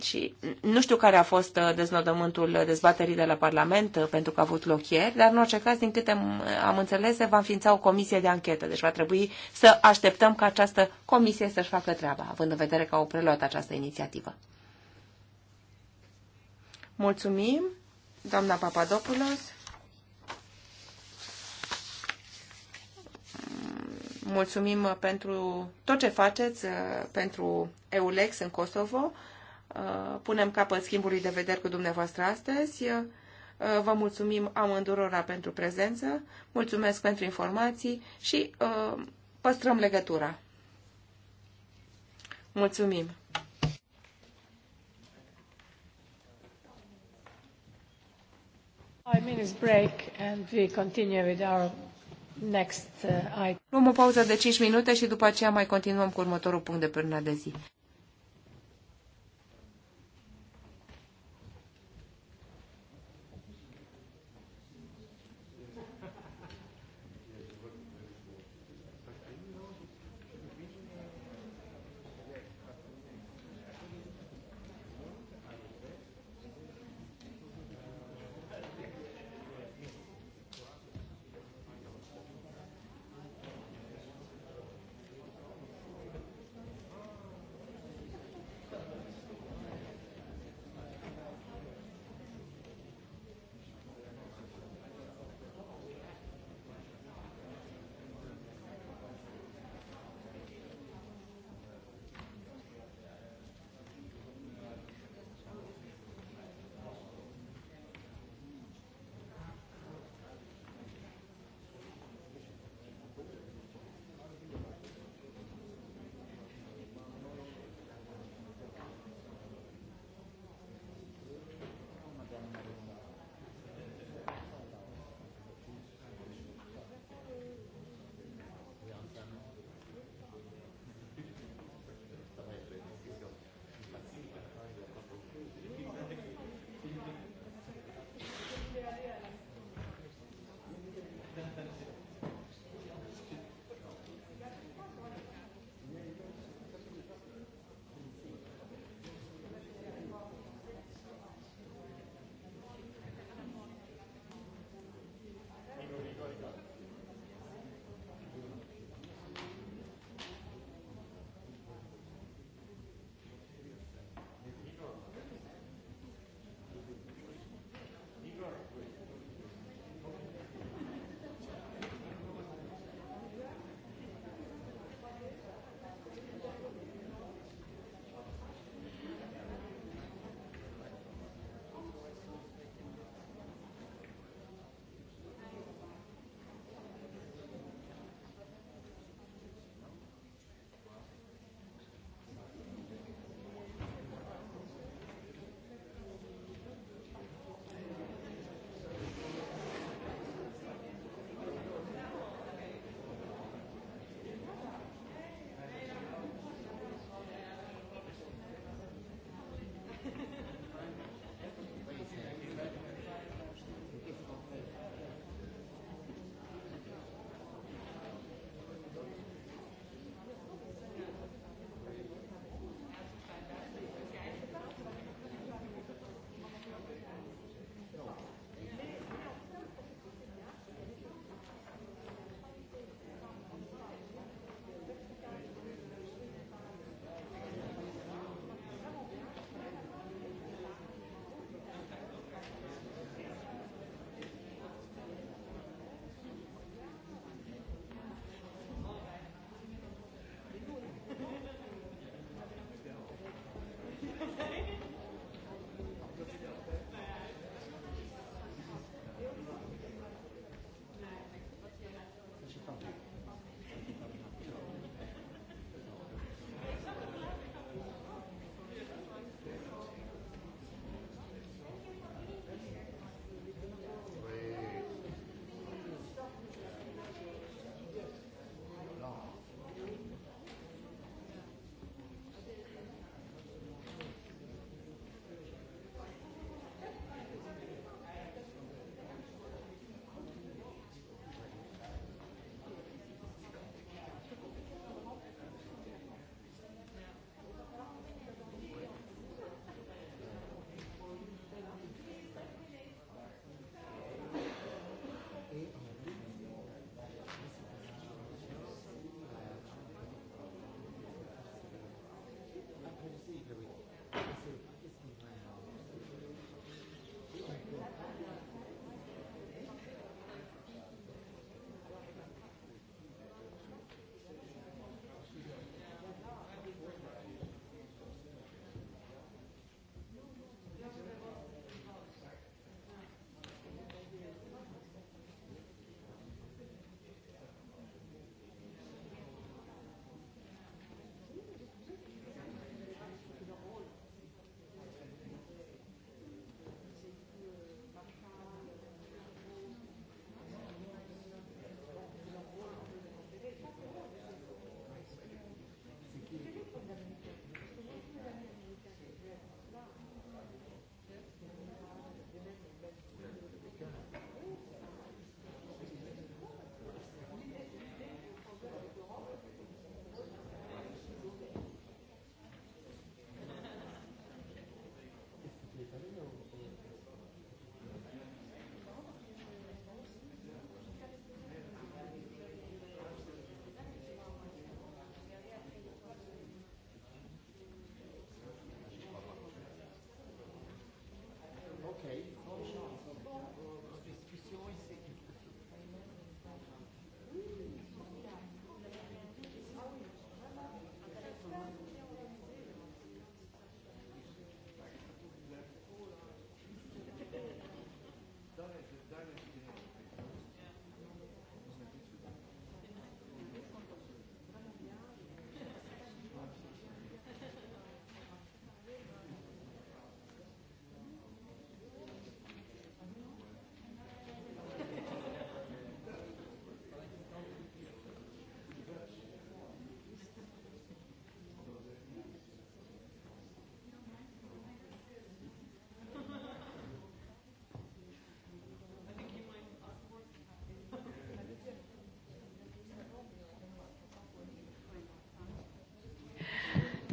și nu știu care a fost uh, deznodământul dezbaterii de la Parlament uh, pentru că a avut loc ieri, dar în orice caz, din câte am înțeles, se va înființa o comisie de anchetă. Deci va trebui să așteptăm ca această comisie să-și facă treaba, având în vedere că au preluat această inițiativă. Mulțumim, doamna Papadopoulos. Mulțumim pentru tot ce faceți uh, pentru EULEX în Kosovo. Uh, punem capăt schimbului de vederi cu dumneavoastră astăzi. Uh, vă mulțumim amândurora pentru prezență, mulțumesc pentru informații și uh, păstrăm legătura. Mulțumim! Five Luăm o pauză de 5 minute și după aceea mai continuăm cu următorul punct de până de zi.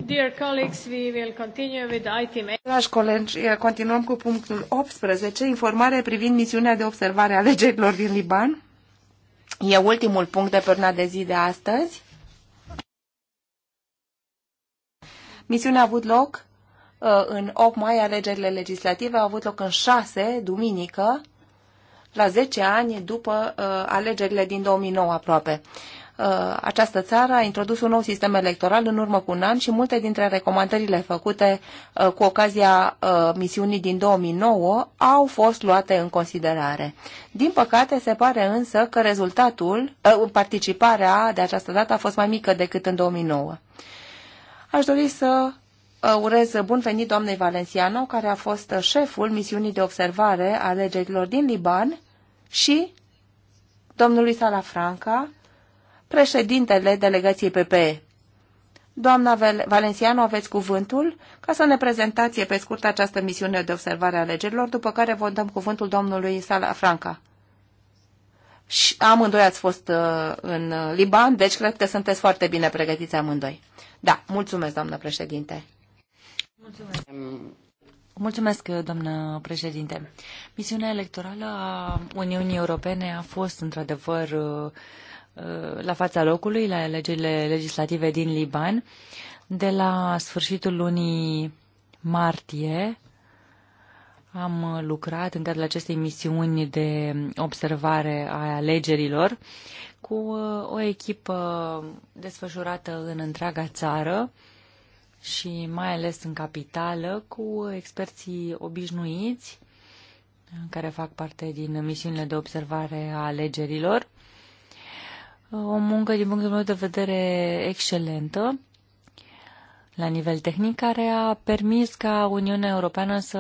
Dragi colegi, eh, continuăm cu punctul 18, informare privind misiunea de observare a alegerilor din Liban. E ultimul punct de pe de zi de astăzi. Misiunea a avut loc eh, în 8 mai, alegerile legislative au avut loc în 6, duminică, la 10 ani după eh, alegerile din 2009 aproape. Uh, această țară a introdus un nou sistem electoral în urmă cu un an și multe dintre recomandările făcute uh, cu ocazia uh, misiunii din 2009 au fost luate în considerare. Din păcate, se pare însă că rezultatul, participarea de această dată a fost mai mică decât în 2009. Aș dori să urez bun venit doamnei Valenciano, care a fost șeful misiunii de observare a alegerilor din Liban și domnului Salafranca, președintele delegației PPE. Doamna Valenciano, aveți cuvântul ca să ne prezentați pe scurt această misiune de observare a alegerilor, după care vă dăm cuvântul domnului Sala Franca. Și amândoi ați fost uh, în Liban, deci cred că sunteți foarte bine pregătiți amândoi. Da, mulțumesc, doamnă președinte. Mulțumesc. Mulțumesc, doamnă președinte. Misiunea electorală a Uniunii Europene a fost, într-adevăr, uh, Uh, la fața locului la alegerile legislative din Liban. De la sfârșitul lunii martie am lucrat în cadrul acestei misiuni de observare a alegerilor cu uh, o echipă desfășurată în întreaga țară și mai ales în capitală cu experții obișnuiți uh, care fac parte din misiunile de observare a alegerilor o muncă, din punctul meu de vedere, excelentă la nivel tehnic, care a permis ca Uniunea Europeană să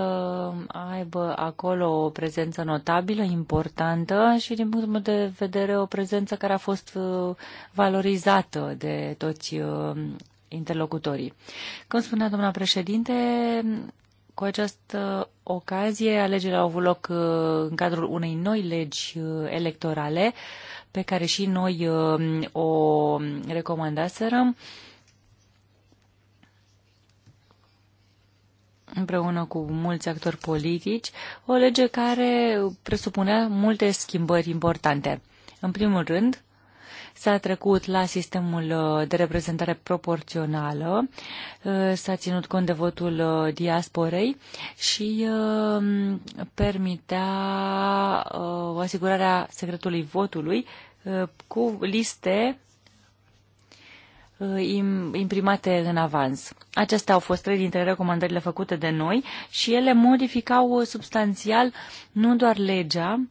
aibă acolo o prezență notabilă, importantă și, din punctul meu de vedere, o prezență care a fost uh, valorizată de toți uh, interlocutorii. Cum spunea doamna președinte, cu această ocazie, alegerile au avut loc uh, în cadrul unei noi legi uh, electorale pe care și noi uh, o recomandaserăm împreună cu mulți actori politici, o lege care presupunea multe schimbări importante. În primul rând, S-a trecut la sistemul uh, de reprezentare proporțională, uh, s-a ținut cont de votul uh, diasporei și permitea asigurarea secretului votului cu liste imprimate în avans. Acestea au fost trei dintre recomandările făcute de noi și ele modificau substanțial nu doar legea,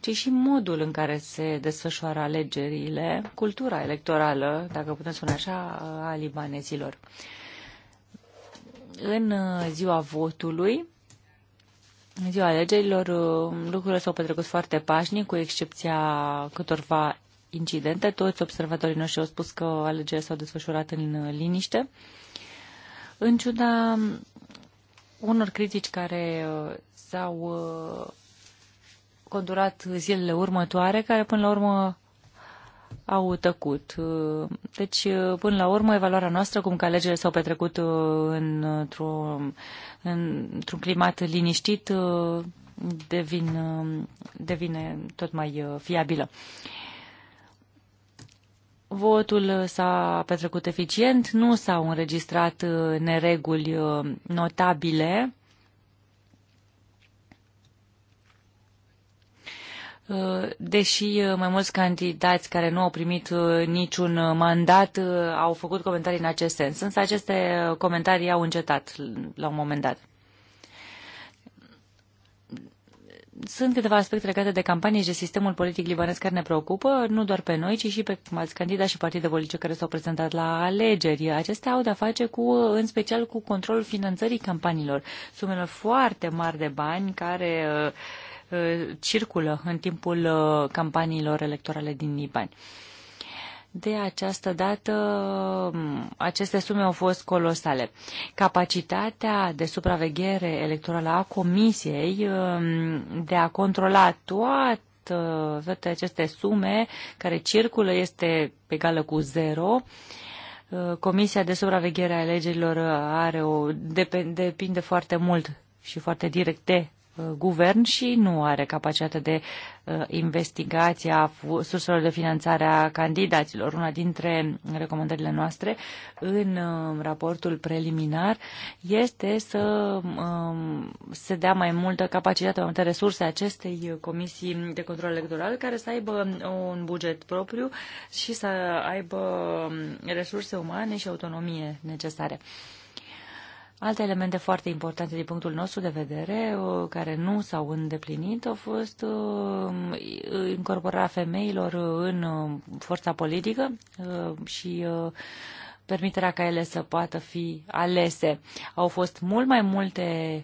ci și modul în care se desfășoară alegerile, cultura electorală, dacă putem spune așa, a libanezilor. În uh, ziua votului, în ziua alegerilor, uh, lucrurile s-au petrecut foarte pașnic, cu excepția câtorva incidente. Toți observatorii noștri au spus că alegerile s-au desfășurat în uh, liniște. În ciuda um, unor critici care s-au condurat zilele următoare, care până la urmă au tăcut. Deci, până la urmă, evaluarea noastră, cum că alegerile s-au petrecut uh, într-un într climat liniștit, uh, devin, uh, devine tot mai fiabilă. Votul s-a petrecut eficient, nu s-au înregistrat nereguli notabile Uh, deși uh, mai mulți candidați care nu au primit uh, niciun mandat au făcut comentarii în acest sens. Însă aceste comentarii au încetat la un moment dat. Sunt câteva aspecte legate de campanie și de sistemul politic libanez care ne preocupă, nu doar pe noi, ci și pe alți candidați și partide politice care s-au prezentat la alegeri. Acestea au de-a face cu, în special cu controlul finanțării campaniilor, Sumele foarte mari de bani care uh, Uh, circulă în timpul uh, campaniilor electorale din Liban. De această dată, mm, aceste sume au fost colosale. Capacitatea de supraveghere electorală a Comisiei um, de a controla toate uh, toate aceste sume care circulă este egală cu zero. Comisia de supraveghere a alegerilor are o, depinde foarte mult și foarte direct de Uh, guvern și nu are capacitatea de uh, investigație a surselor de finanțare a candidaților. Una dintre recomandările noastre în uh, raportul preliminar este să um, se dea mai multă capacitate, mai multe resurse acestei comisii de control electoral care să aibă un buget propriu și să aibă um, resurse umane și autonomie necesare. Alte elemente foarte importante din punctul nostru de vedere, uh, care nu s-au îndeplinit, au fost uh, incorporarea femeilor în uh, forța politică și permiterea ca ele să poată fi alese. Au fost mult mai multe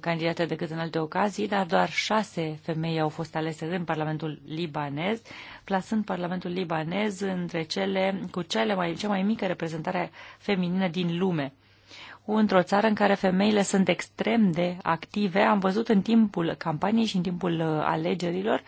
candidate decât în alte ocazii, dar doar șase femei au fost alese în Parlamentul libanez, plasând Parlamentul libanez între cele cu cele mai, cea mai mică reprezentare feminină din lume într-o țară în care femeile sunt extrem de active. Am văzut în timpul campaniei și în timpul uh, alegerilor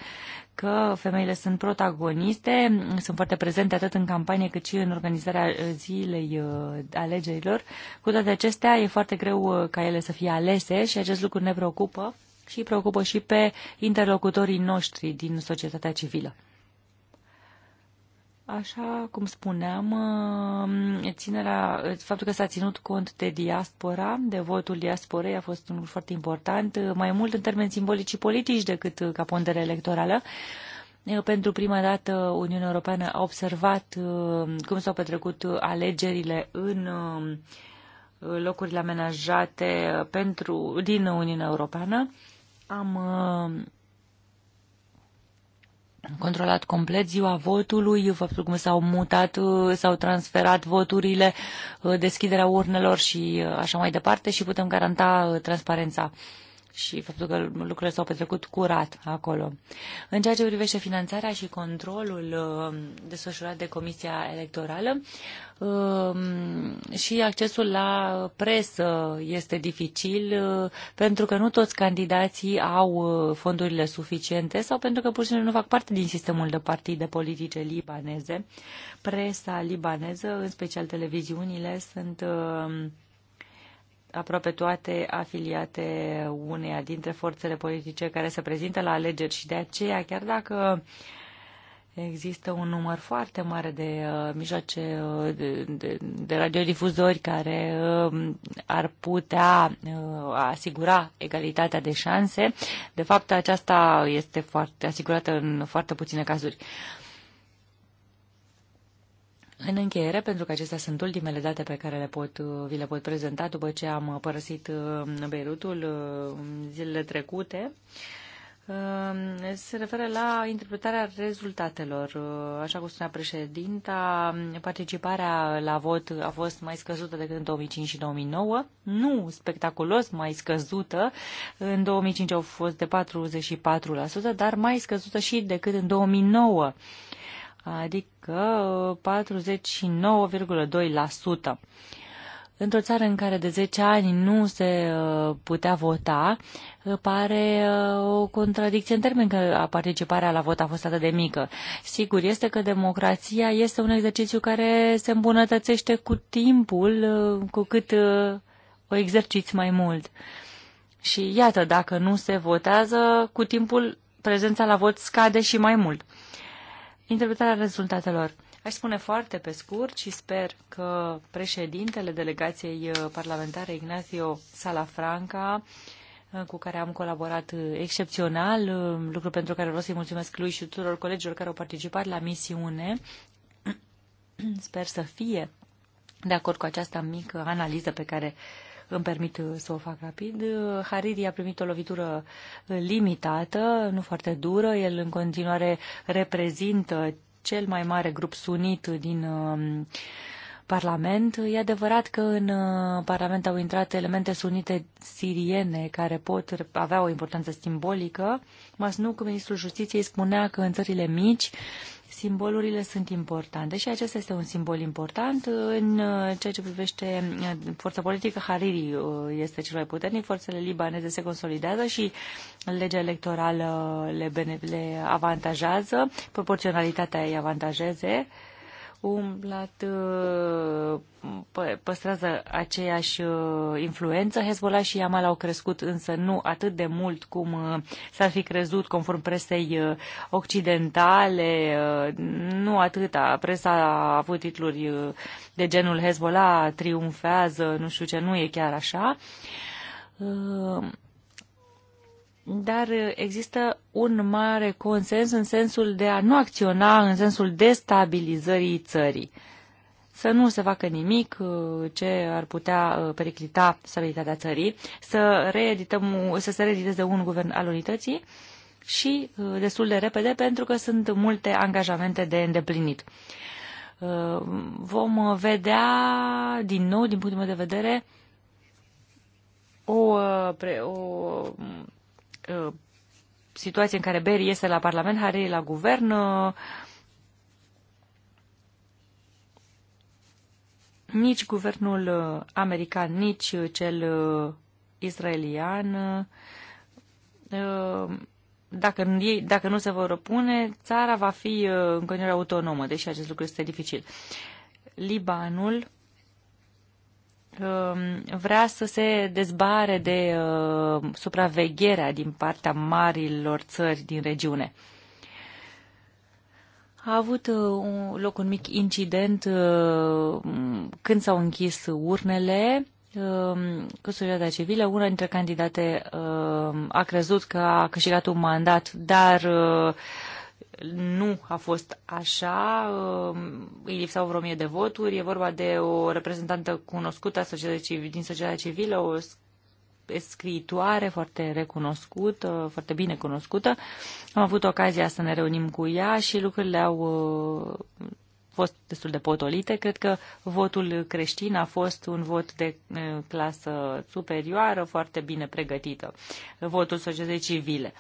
că femeile sunt protagoniste, sunt foarte prezente atât în campanie cât și în organizarea uh, zilei uh, alegerilor. Cu toate acestea, e foarte greu ca ele să fie alese și acest lucru ne preocupă și preocupă și pe interlocutorii noștri din societatea civilă. Așa cum spuneam, uh, ținerea, faptul că s-a ținut cont de diaspora, de votul diasporei, a fost un lucru foarte important, uh, mai mult în termeni simbolici și politici decât uh, ca pondere electorală. Pentru prima dată, Uniunea Europeană a observat cum s-au petrecut alegerile în locurile amenajate pentru, din Uniunea Europeană. Am controlat complet ziua votului, faptul cum s-au mutat, uh, s-au transferat voturile, uh, deschiderea urnelor și uh, așa mai departe și putem garanta transparența și faptul că lucrurile s-au petrecut curat acolo. În ceea ce privește finanțarea și controlul uh, desfășurat de Comisia Electorală, um, și accesul la presă este dificil uh, pentru că nu toți candidații au uh, fondurile suficiente sau pentru că pur și simplu nu fac parte din sistemul de partide politice libaneze. Presa libaneză, în special televiziunile, sunt um, aproape toate afiliate uneia dintre forțele politice care se prezintă la alegeri și de aceea, chiar dacă există un număr foarte mare de uh, mijloace uh, de, de, de radiodifuzori care uh, ar putea uh, asigura egalitatea de șanse, de fapt aceasta este foarte asigurată în foarte puține cazuri. Uh, în încheiere, pentru că acestea sunt ultimele date pe care le pot, uh, vi le pot prezenta după ce am uh, părăsit uh, Beirutul zilele trecute, se referă la interpretarea rezultatelor. Așa cum spunea președinta, participarea la vot a fost mai scăzută decât în 2005 și 2009. Nu spectaculos mai scăzută. În 2005 au fost de 44%, dar mai scăzută și decât în 2009 adică 49,2%. Într-o țară în care de 10 ani nu se uh, putea vota, uh, pare uh, o contradicție în termen că participarea la vot a fost atât de mică. Sigur este că democrația este un exercițiu care se îmbunătățește cu timpul, cu cât o exerciți mai mult. Și iată, dacă nu se votează, cu timpul prezența la vot scade și mai mult interpretarea rezultatelor. Aș spune foarte pe scurt și sper că președintele delegației uh, parlamentare Ignacio Salafranca, uh, cu care am colaborat uh, excepțional, lucru pentru care vreau să-i mulțumesc lui și tuturor colegilor care au participat la misiune. <clears throat> Sper să fie de acord cu această mică analiză pe care îmi permit uh, să o fac rapid. Uh, Hariri a primit o lovitură uh, limitată, nu foarte dură. El în continuare reprezintă cel mai mare grup sunit din um, Parlament. E adevărat că în Parlament au intrat elemente sunite siriene care pot avea o importanță simbolică. Masnuc, ministrul justiției, spunea că în țările mici Simbolurile sunt importante și acesta este un simbol important în uh, ceea ce privește uh, forța politică. Hariri uh, este cel mai puternic, forțele libaneze se consolidează și legea electorală le, le avantajează, proporționalitatea îi avantajeze umblat, uh, păstrează aceeași uh, influență. Hezbollah și Yamal au crescut însă nu atât de mult cum uh, s-ar fi crezut conform presei occidentale. Nu atât. Presa a avut titluri de genul Hezbollah triumfează, nu știu ce, nu e chiar așa dar uh, există un mare consens în sensul de a nu acționa în sensul destabilizării țării. Să nu se facă nimic uh, ce ar putea uh, periclita stabilitatea țării, să, reedităm, să se reediteze un guvern al unității și destul de repede pentru că sunt multe angajamente de îndeplinit. Vom vedea din nou, din punctul meu de vedere, o, pre, o Uh, situație în care Berry este la Parlament, Harry la guvern. Uh, nici guvernul uh, american, nici cel israelian, dacă, ei, dacă nu se vor opune, țara va fi în continuare autonomă, deși acest lucru este dificil. Libanul Um, vrea să se dezbare de uh, supravegherea din partea marilor țări din regiune. A avut uh, loc un mic incident uh, când s-au închis urnele um, cu societatea civilă. Una dintre candidate um, a crezut că a câștigat un mandat, dar nu a fost așa, îi lipsau vreo mie de voturi, e vorba de o reprezentantă cunoscută din societatea civilă, o scriitoare foarte recunoscută, foarte bine cunoscută. Am avut ocazia să ne reunim cu ea și lucrurile au uh, fost destul de potolite. Cred că votul creștin a fost un vot de uh, clasă superioară, foarte bine pregătită. Votul societății civile.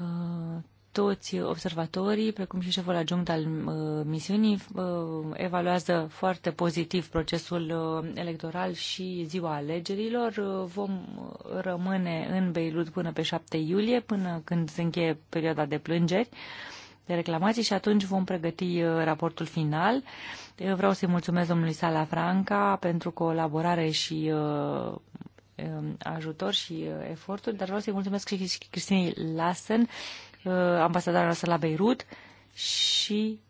Uh, toți observatorii, precum și șeful adjunct al uh, misiunii, uh, evaluează foarte pozitiv procesul uh, electoral și ziua alegerilor. Vom rămâne în Beirut până pe 7 iulie, până când se încheie perioada de plângeri de reclamații și atunci vom pregăti raportul final. Eu vreau să-i mulțumesc domnului Sala Franca pentru colaborare și um, ajutor și eforturi, dar vreau să-i mulțumesc și Cristinei Lassen Uh, ambasadarea noastră la Beirut și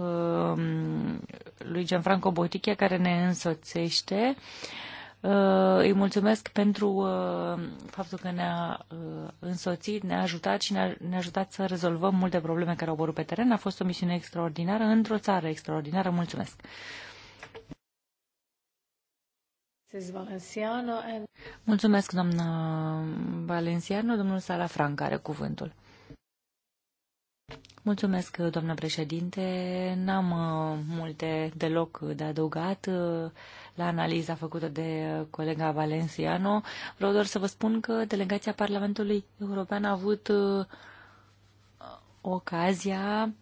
um, lui Gianfranco Botichia, care ne însoțește. Uh, îi mulțumesc pentru uh, faptul că ne-a însoțit, ne-a ajutat și ne-a, ajutat să rezolvăm multe probleme care au apărut pe teren. A fost o misiune extraordinară într-o țară extraordinară. Mulțumesc! Mulțumesc, doamnă Valenciano. Domnul Sala Franca are cuvântul. Mulțumesc, doamnă președinte. N-am uh, multe deloc de adăugat uh, la analiza făcută de colega Valenciano. Vreau doar să vă spun că delegația Parlamentului European a avut uh, ocazia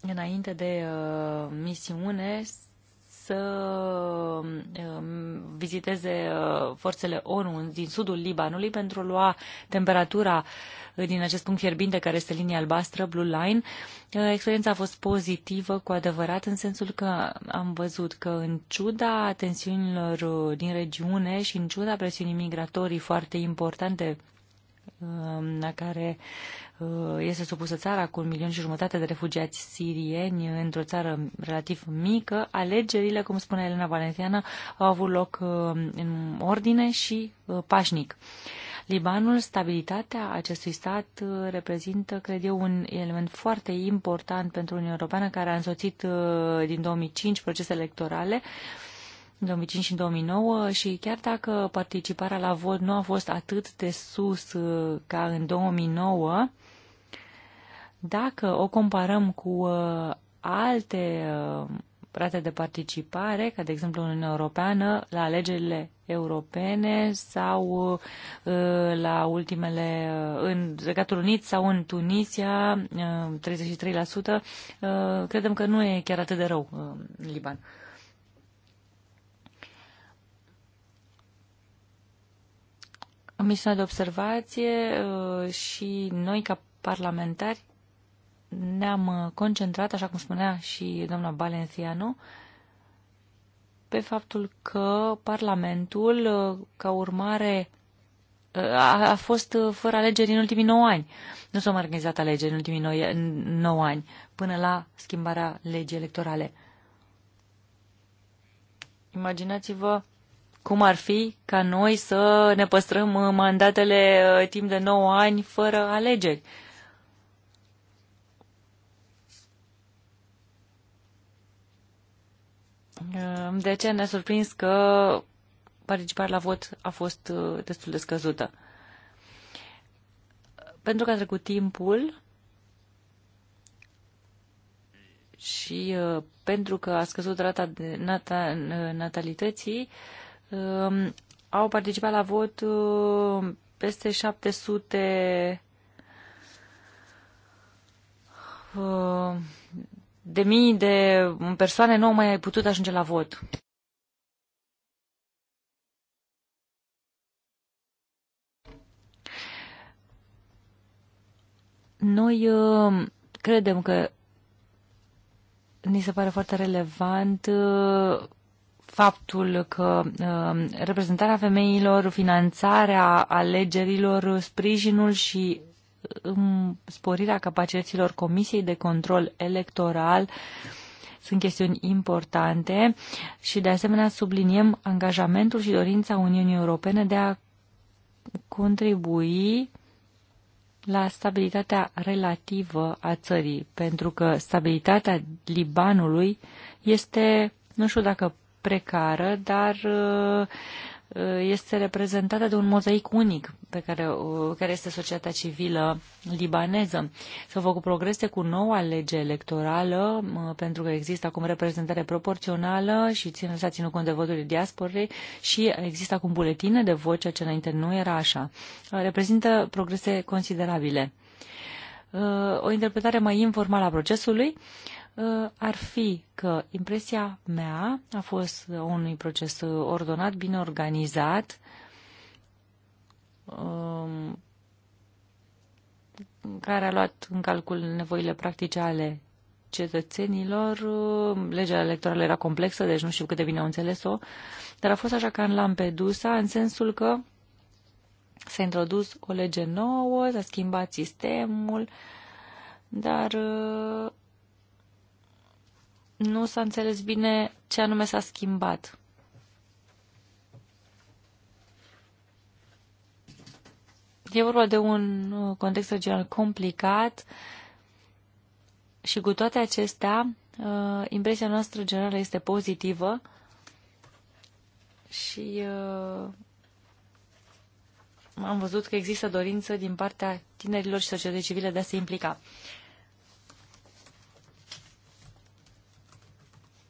înainte de misiune să um, viziteze uh, forțele ONU din sudul Libanului pentru a lua temperatura uh, din acest punct fierbinte care este linia albastră, Blue Line. Uh, experiența a fost pozitivă cu adevărat în sensul că am văzut că în ciuda tensiunilor din regiune și în ciuda presiunii migratorii foarte importante um, la care Uh, este supusă țara cu un milion și jumătate de refugiați sirieni într-o țară relativ mică. Alegerile, cum spune Elena Valentiana, au avut loc uh, în ordine și uh, pașnic. Libanul, stabilitatea acestui stat reprezintă, cred eu, un element foarte important pentru Uniunea Europeană, care a însoțit din 2005 procese electorale, 2005 și în 2009, și chiar dacă participarea la vot nu a fost atât de sus ca în 2009, dacă o comparăm cu uh, alte uh, rate de participare, ca de exemplu în Uniunea Europeană, la alegerile europene sau uh, la ultimele în Regatul Unit sau în Tunisia, 33%, credem că nu e chiar atât de rău în Liban. Misiunea de observație și noi ca parlamentari ne-am uh, concentrat, așa cum spunea și doamna Balenciano, pe faptul că Parlamentul, uh, ca urmare, uh, a, fost fără alegeri în ultimii 9 ani. Nu s-au mai organizat alegeri în ultimii 9 ani, până la schimbarea legii electorale. Imaginați-vă cum ar fi ca noi să ne păstrăm mandatele timp de 9 ani fără alegeri. Uh, Ehm, de ce ne-a surprins că participarea la vot a fost uh, destul de scăzută? Pentru că a trecut timpul și uh, pentru că a scăzut rata de nata, uh, natalității, ehm, au participat la vot peste 700 de mii de persoane nu au mai putut ajunge la vot. Noi uh, credem că ni se pare foarte relevant uh, faptul că uh, reprezentarea femeilor, finanțarea alegerilor, sprijinul și sporirea capacităților Comisiei de Control Electoral sunt chestiuni importante și de asemenea subliniem angajamentul și dorința Uniunii Europene de a contribui la stabilitatea relativă a țării, pentru că stabilitatea Libanului este, nu știu dacă precară, dar Uh, este reprezentată de un mozaic unic pe care, uh, care este societatea civilă libaneză. S-au făcut progrese cu noua lege electorală, uh, pentru că există acum reprezentare proporțională și țin, s-a ținut cont de voturile diasporei și există acum buletine de voce, ce înainte nu era așa. Reprezintă progrese considerabile. O interpretare mai informală a procesului Uh, ar fi că impresia mea a fost unui proces ordonat, bine organizat, um, care a luat în calcul nevoile practice ale cetățenilor. Uh, legea electorală era complexă, deci nu știu cât de bine au înțeles-o, dar a fost așa ca în Lampedusa, în sensul că s-a introdus o lege nouă, s-a schimbat sistemul, dar uh, nu s-a înțeles bine ce anume s-a schimbat. E vorba de un uh, context regional complicat și cu toate acestea, uh, impresia noastră generală este pozitivă și uh, am văzut că există dorință din partea tinerilor și societății civile de a se implica.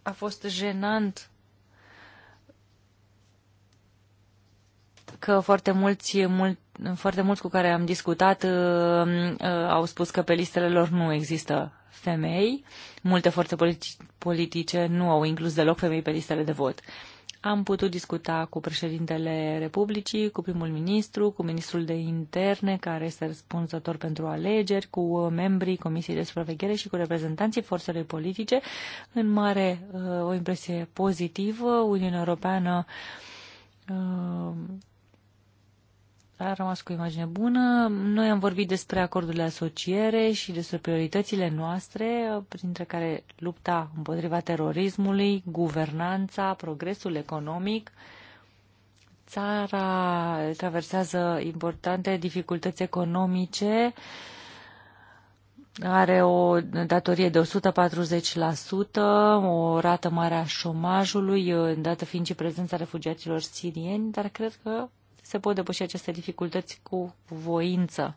a fost jenant că foarte mulți, mult, foarte mulți cu care am discutat uh, uh, au spus că pe listele lor nu există femei. Multe forțe politice nu au inclus deloc femei pe listele de vot. Uh, am putut discuta cu președintele Republicii, cu primul ministru, cu ministrul de interne, care este răspunzător pentru alegeri, cu membrii Comisiei de Supraveghere și cu reprezentanții forțelor politice. În mare, uh, o impresie pozitivă. Uniunea Europeană uh, a rămas cu imagine bună. Noi am vorbit despre acordurile asociere și despre prioritățile noastre, printre care lupta împotriva terorismului, guvernanța, progresul economic. Țara traversează importante dificultăți economice, are o datorie de 140%, o rată mare a șomajului, dată fiind și prezența refugiaților sirieni, dar cred că se pot depăși aceste dificultăți cu voință.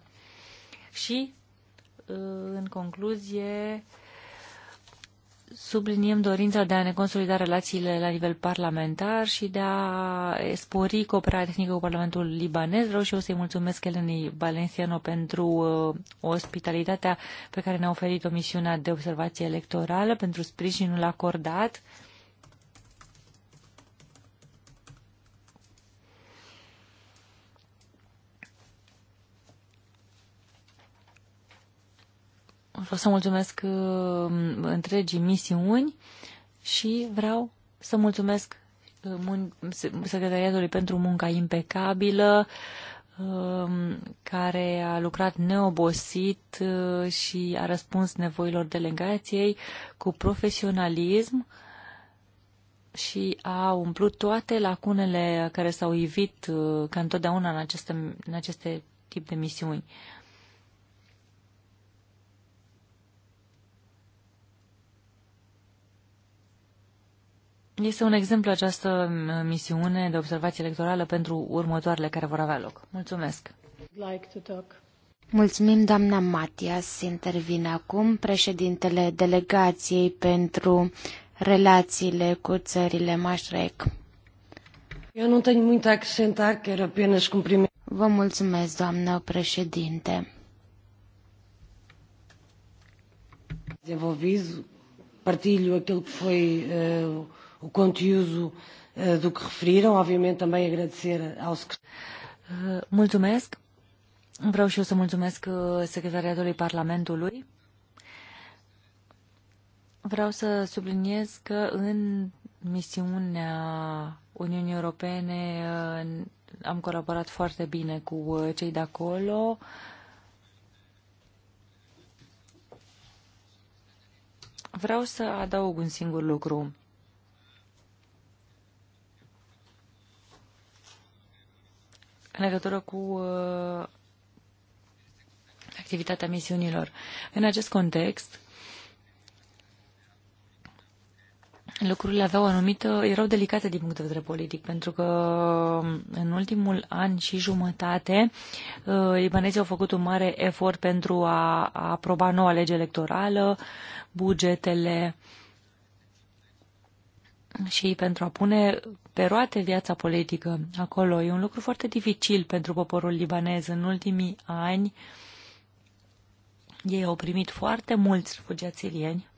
Și, uh, în concluzie, subliniem dorința de a ne consolida relațiile la nivel parlamentar și de a spori cooperarea tehnică cu Parlamentul libanez. Vreau și eu să-i mulțumesc Elenei Valenciano pentru uh, ospitalitatea pe care ne-a oferit o misiunea de observație electorală, pentru sprijinul acordat Vreau să mulțumesc uh, întregii misiuni și vreau să mulțumesc uh, secretariatului pentru munca impecabilă, um, care a lucrat neobosit uh, și a răspuns nevoilor delegației cu profesionalism și a umplut toate lacunele care s-au ivit ca întotdeauna în aceste, în aceste tip de misiuni. Este un exemplu această misiune de observație electorală pentru următoarele care vor avea loc. Mulțumesc! Like to talk. Mulțumim, doamna Matias. Intervine acum președintele delegației pentru relațiile cu țările Mașrec. Eu nu tenho muito a acrescentar, quero apenas cumprimento. Vă mulțumesc, doamnă președinte. Devolvido, partilho aquilo que foi uh, o conteúdo eh, do que referiram. Obviamente também agradecer ao secretário. Eh, Vreau și eu să mulțumesc eh, secretariatului Parlamentului. Vreau să subliniez că în misiunea Uniunii Europene am colaborat foarte bine cu cei de acolo. Vreau să adaug un singur lucru. în legătură cu uh, activitatea misiunilor. În acest context, lucrurile aveau anumită, erau delicate din punct de vedere politic, pentru că uh, în ultimul an și jumătate uh, ibanezii au făcut un mare efort pentru a, a aproba noua lege electorală, bugetele uh, și pentru a pune pe roate viața politică acolo. E un lucru foarte dificil pentru poporul libanez. În ultimii ani ei au primit foarte mulți refugiați sirieni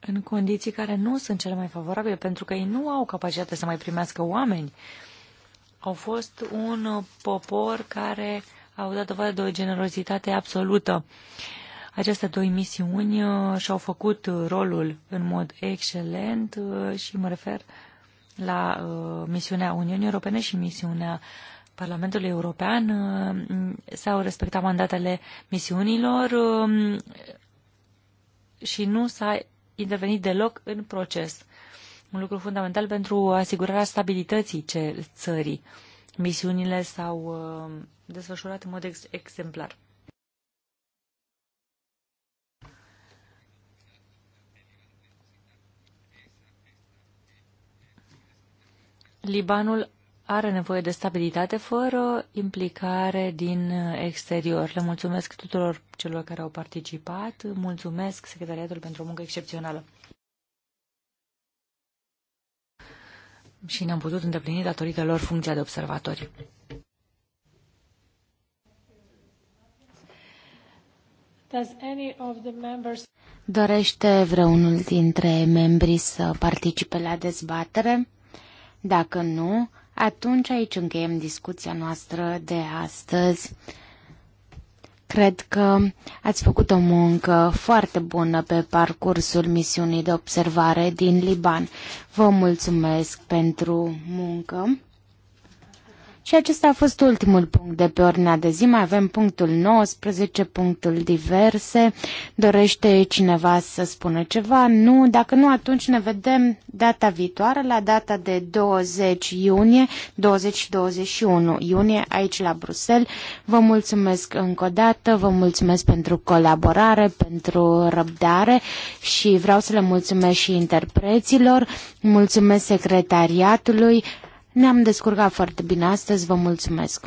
în condiții care nu sunt cele mai favorabile, pentru că ei nu au capacitate să mai primească oameni. Au fost un popor care au dat dovadă de o generozitate absolută. Uh, aceste două misiuni uh, și-au făcut uh, rolul în mod excelent uh, și mă refer la misiunea Uniunii Europene și misiunea Parlamentului European. S-au respectat mandatele misiunilor um, și nu s-a intervenit deloc în proces. Un lucru fundamental pentru asigurarea stabilității țării. Misiunile s-au desfășurat în mod exemplar. Libanul are nevoie de stabilitate fără implicare din exterior. Le mulțumesc tuturor celor care au participat, mulțumesc Secretariatul pentru o muncă excepțională. Și ne-am putut îndeplini datorită lor funcția de observatori. Does any of the members... Dorește vreunul dintre membrii să participe la dezbatere? Dacă nu, atunci aici încheiem discuția noastră de astăzi. Cred că ați făcut o muncă foarte bună pe parcursul misiunii de observare din Liban. Vă mulțumesc pentru muncă. Și acesta a fost ultimul punct de pe ordinea de zi. Mai avem punctul 19, punctul diverse. Dorește cineva să spună ceva? Nu. Dacă nu, atunci ne vedem data viitoare, la data de 20 iunie, 20 și 21 iunie, aici la Bruxelles. Vă mulțumesc încă o dată, vă mulțumesc pentru colaborare, pentru răbdare și vreau să le mulțumesc și interpreților, mulțumesc secretariatului, ne-am descurcat foarte bine astăzi, vă mulțumesc!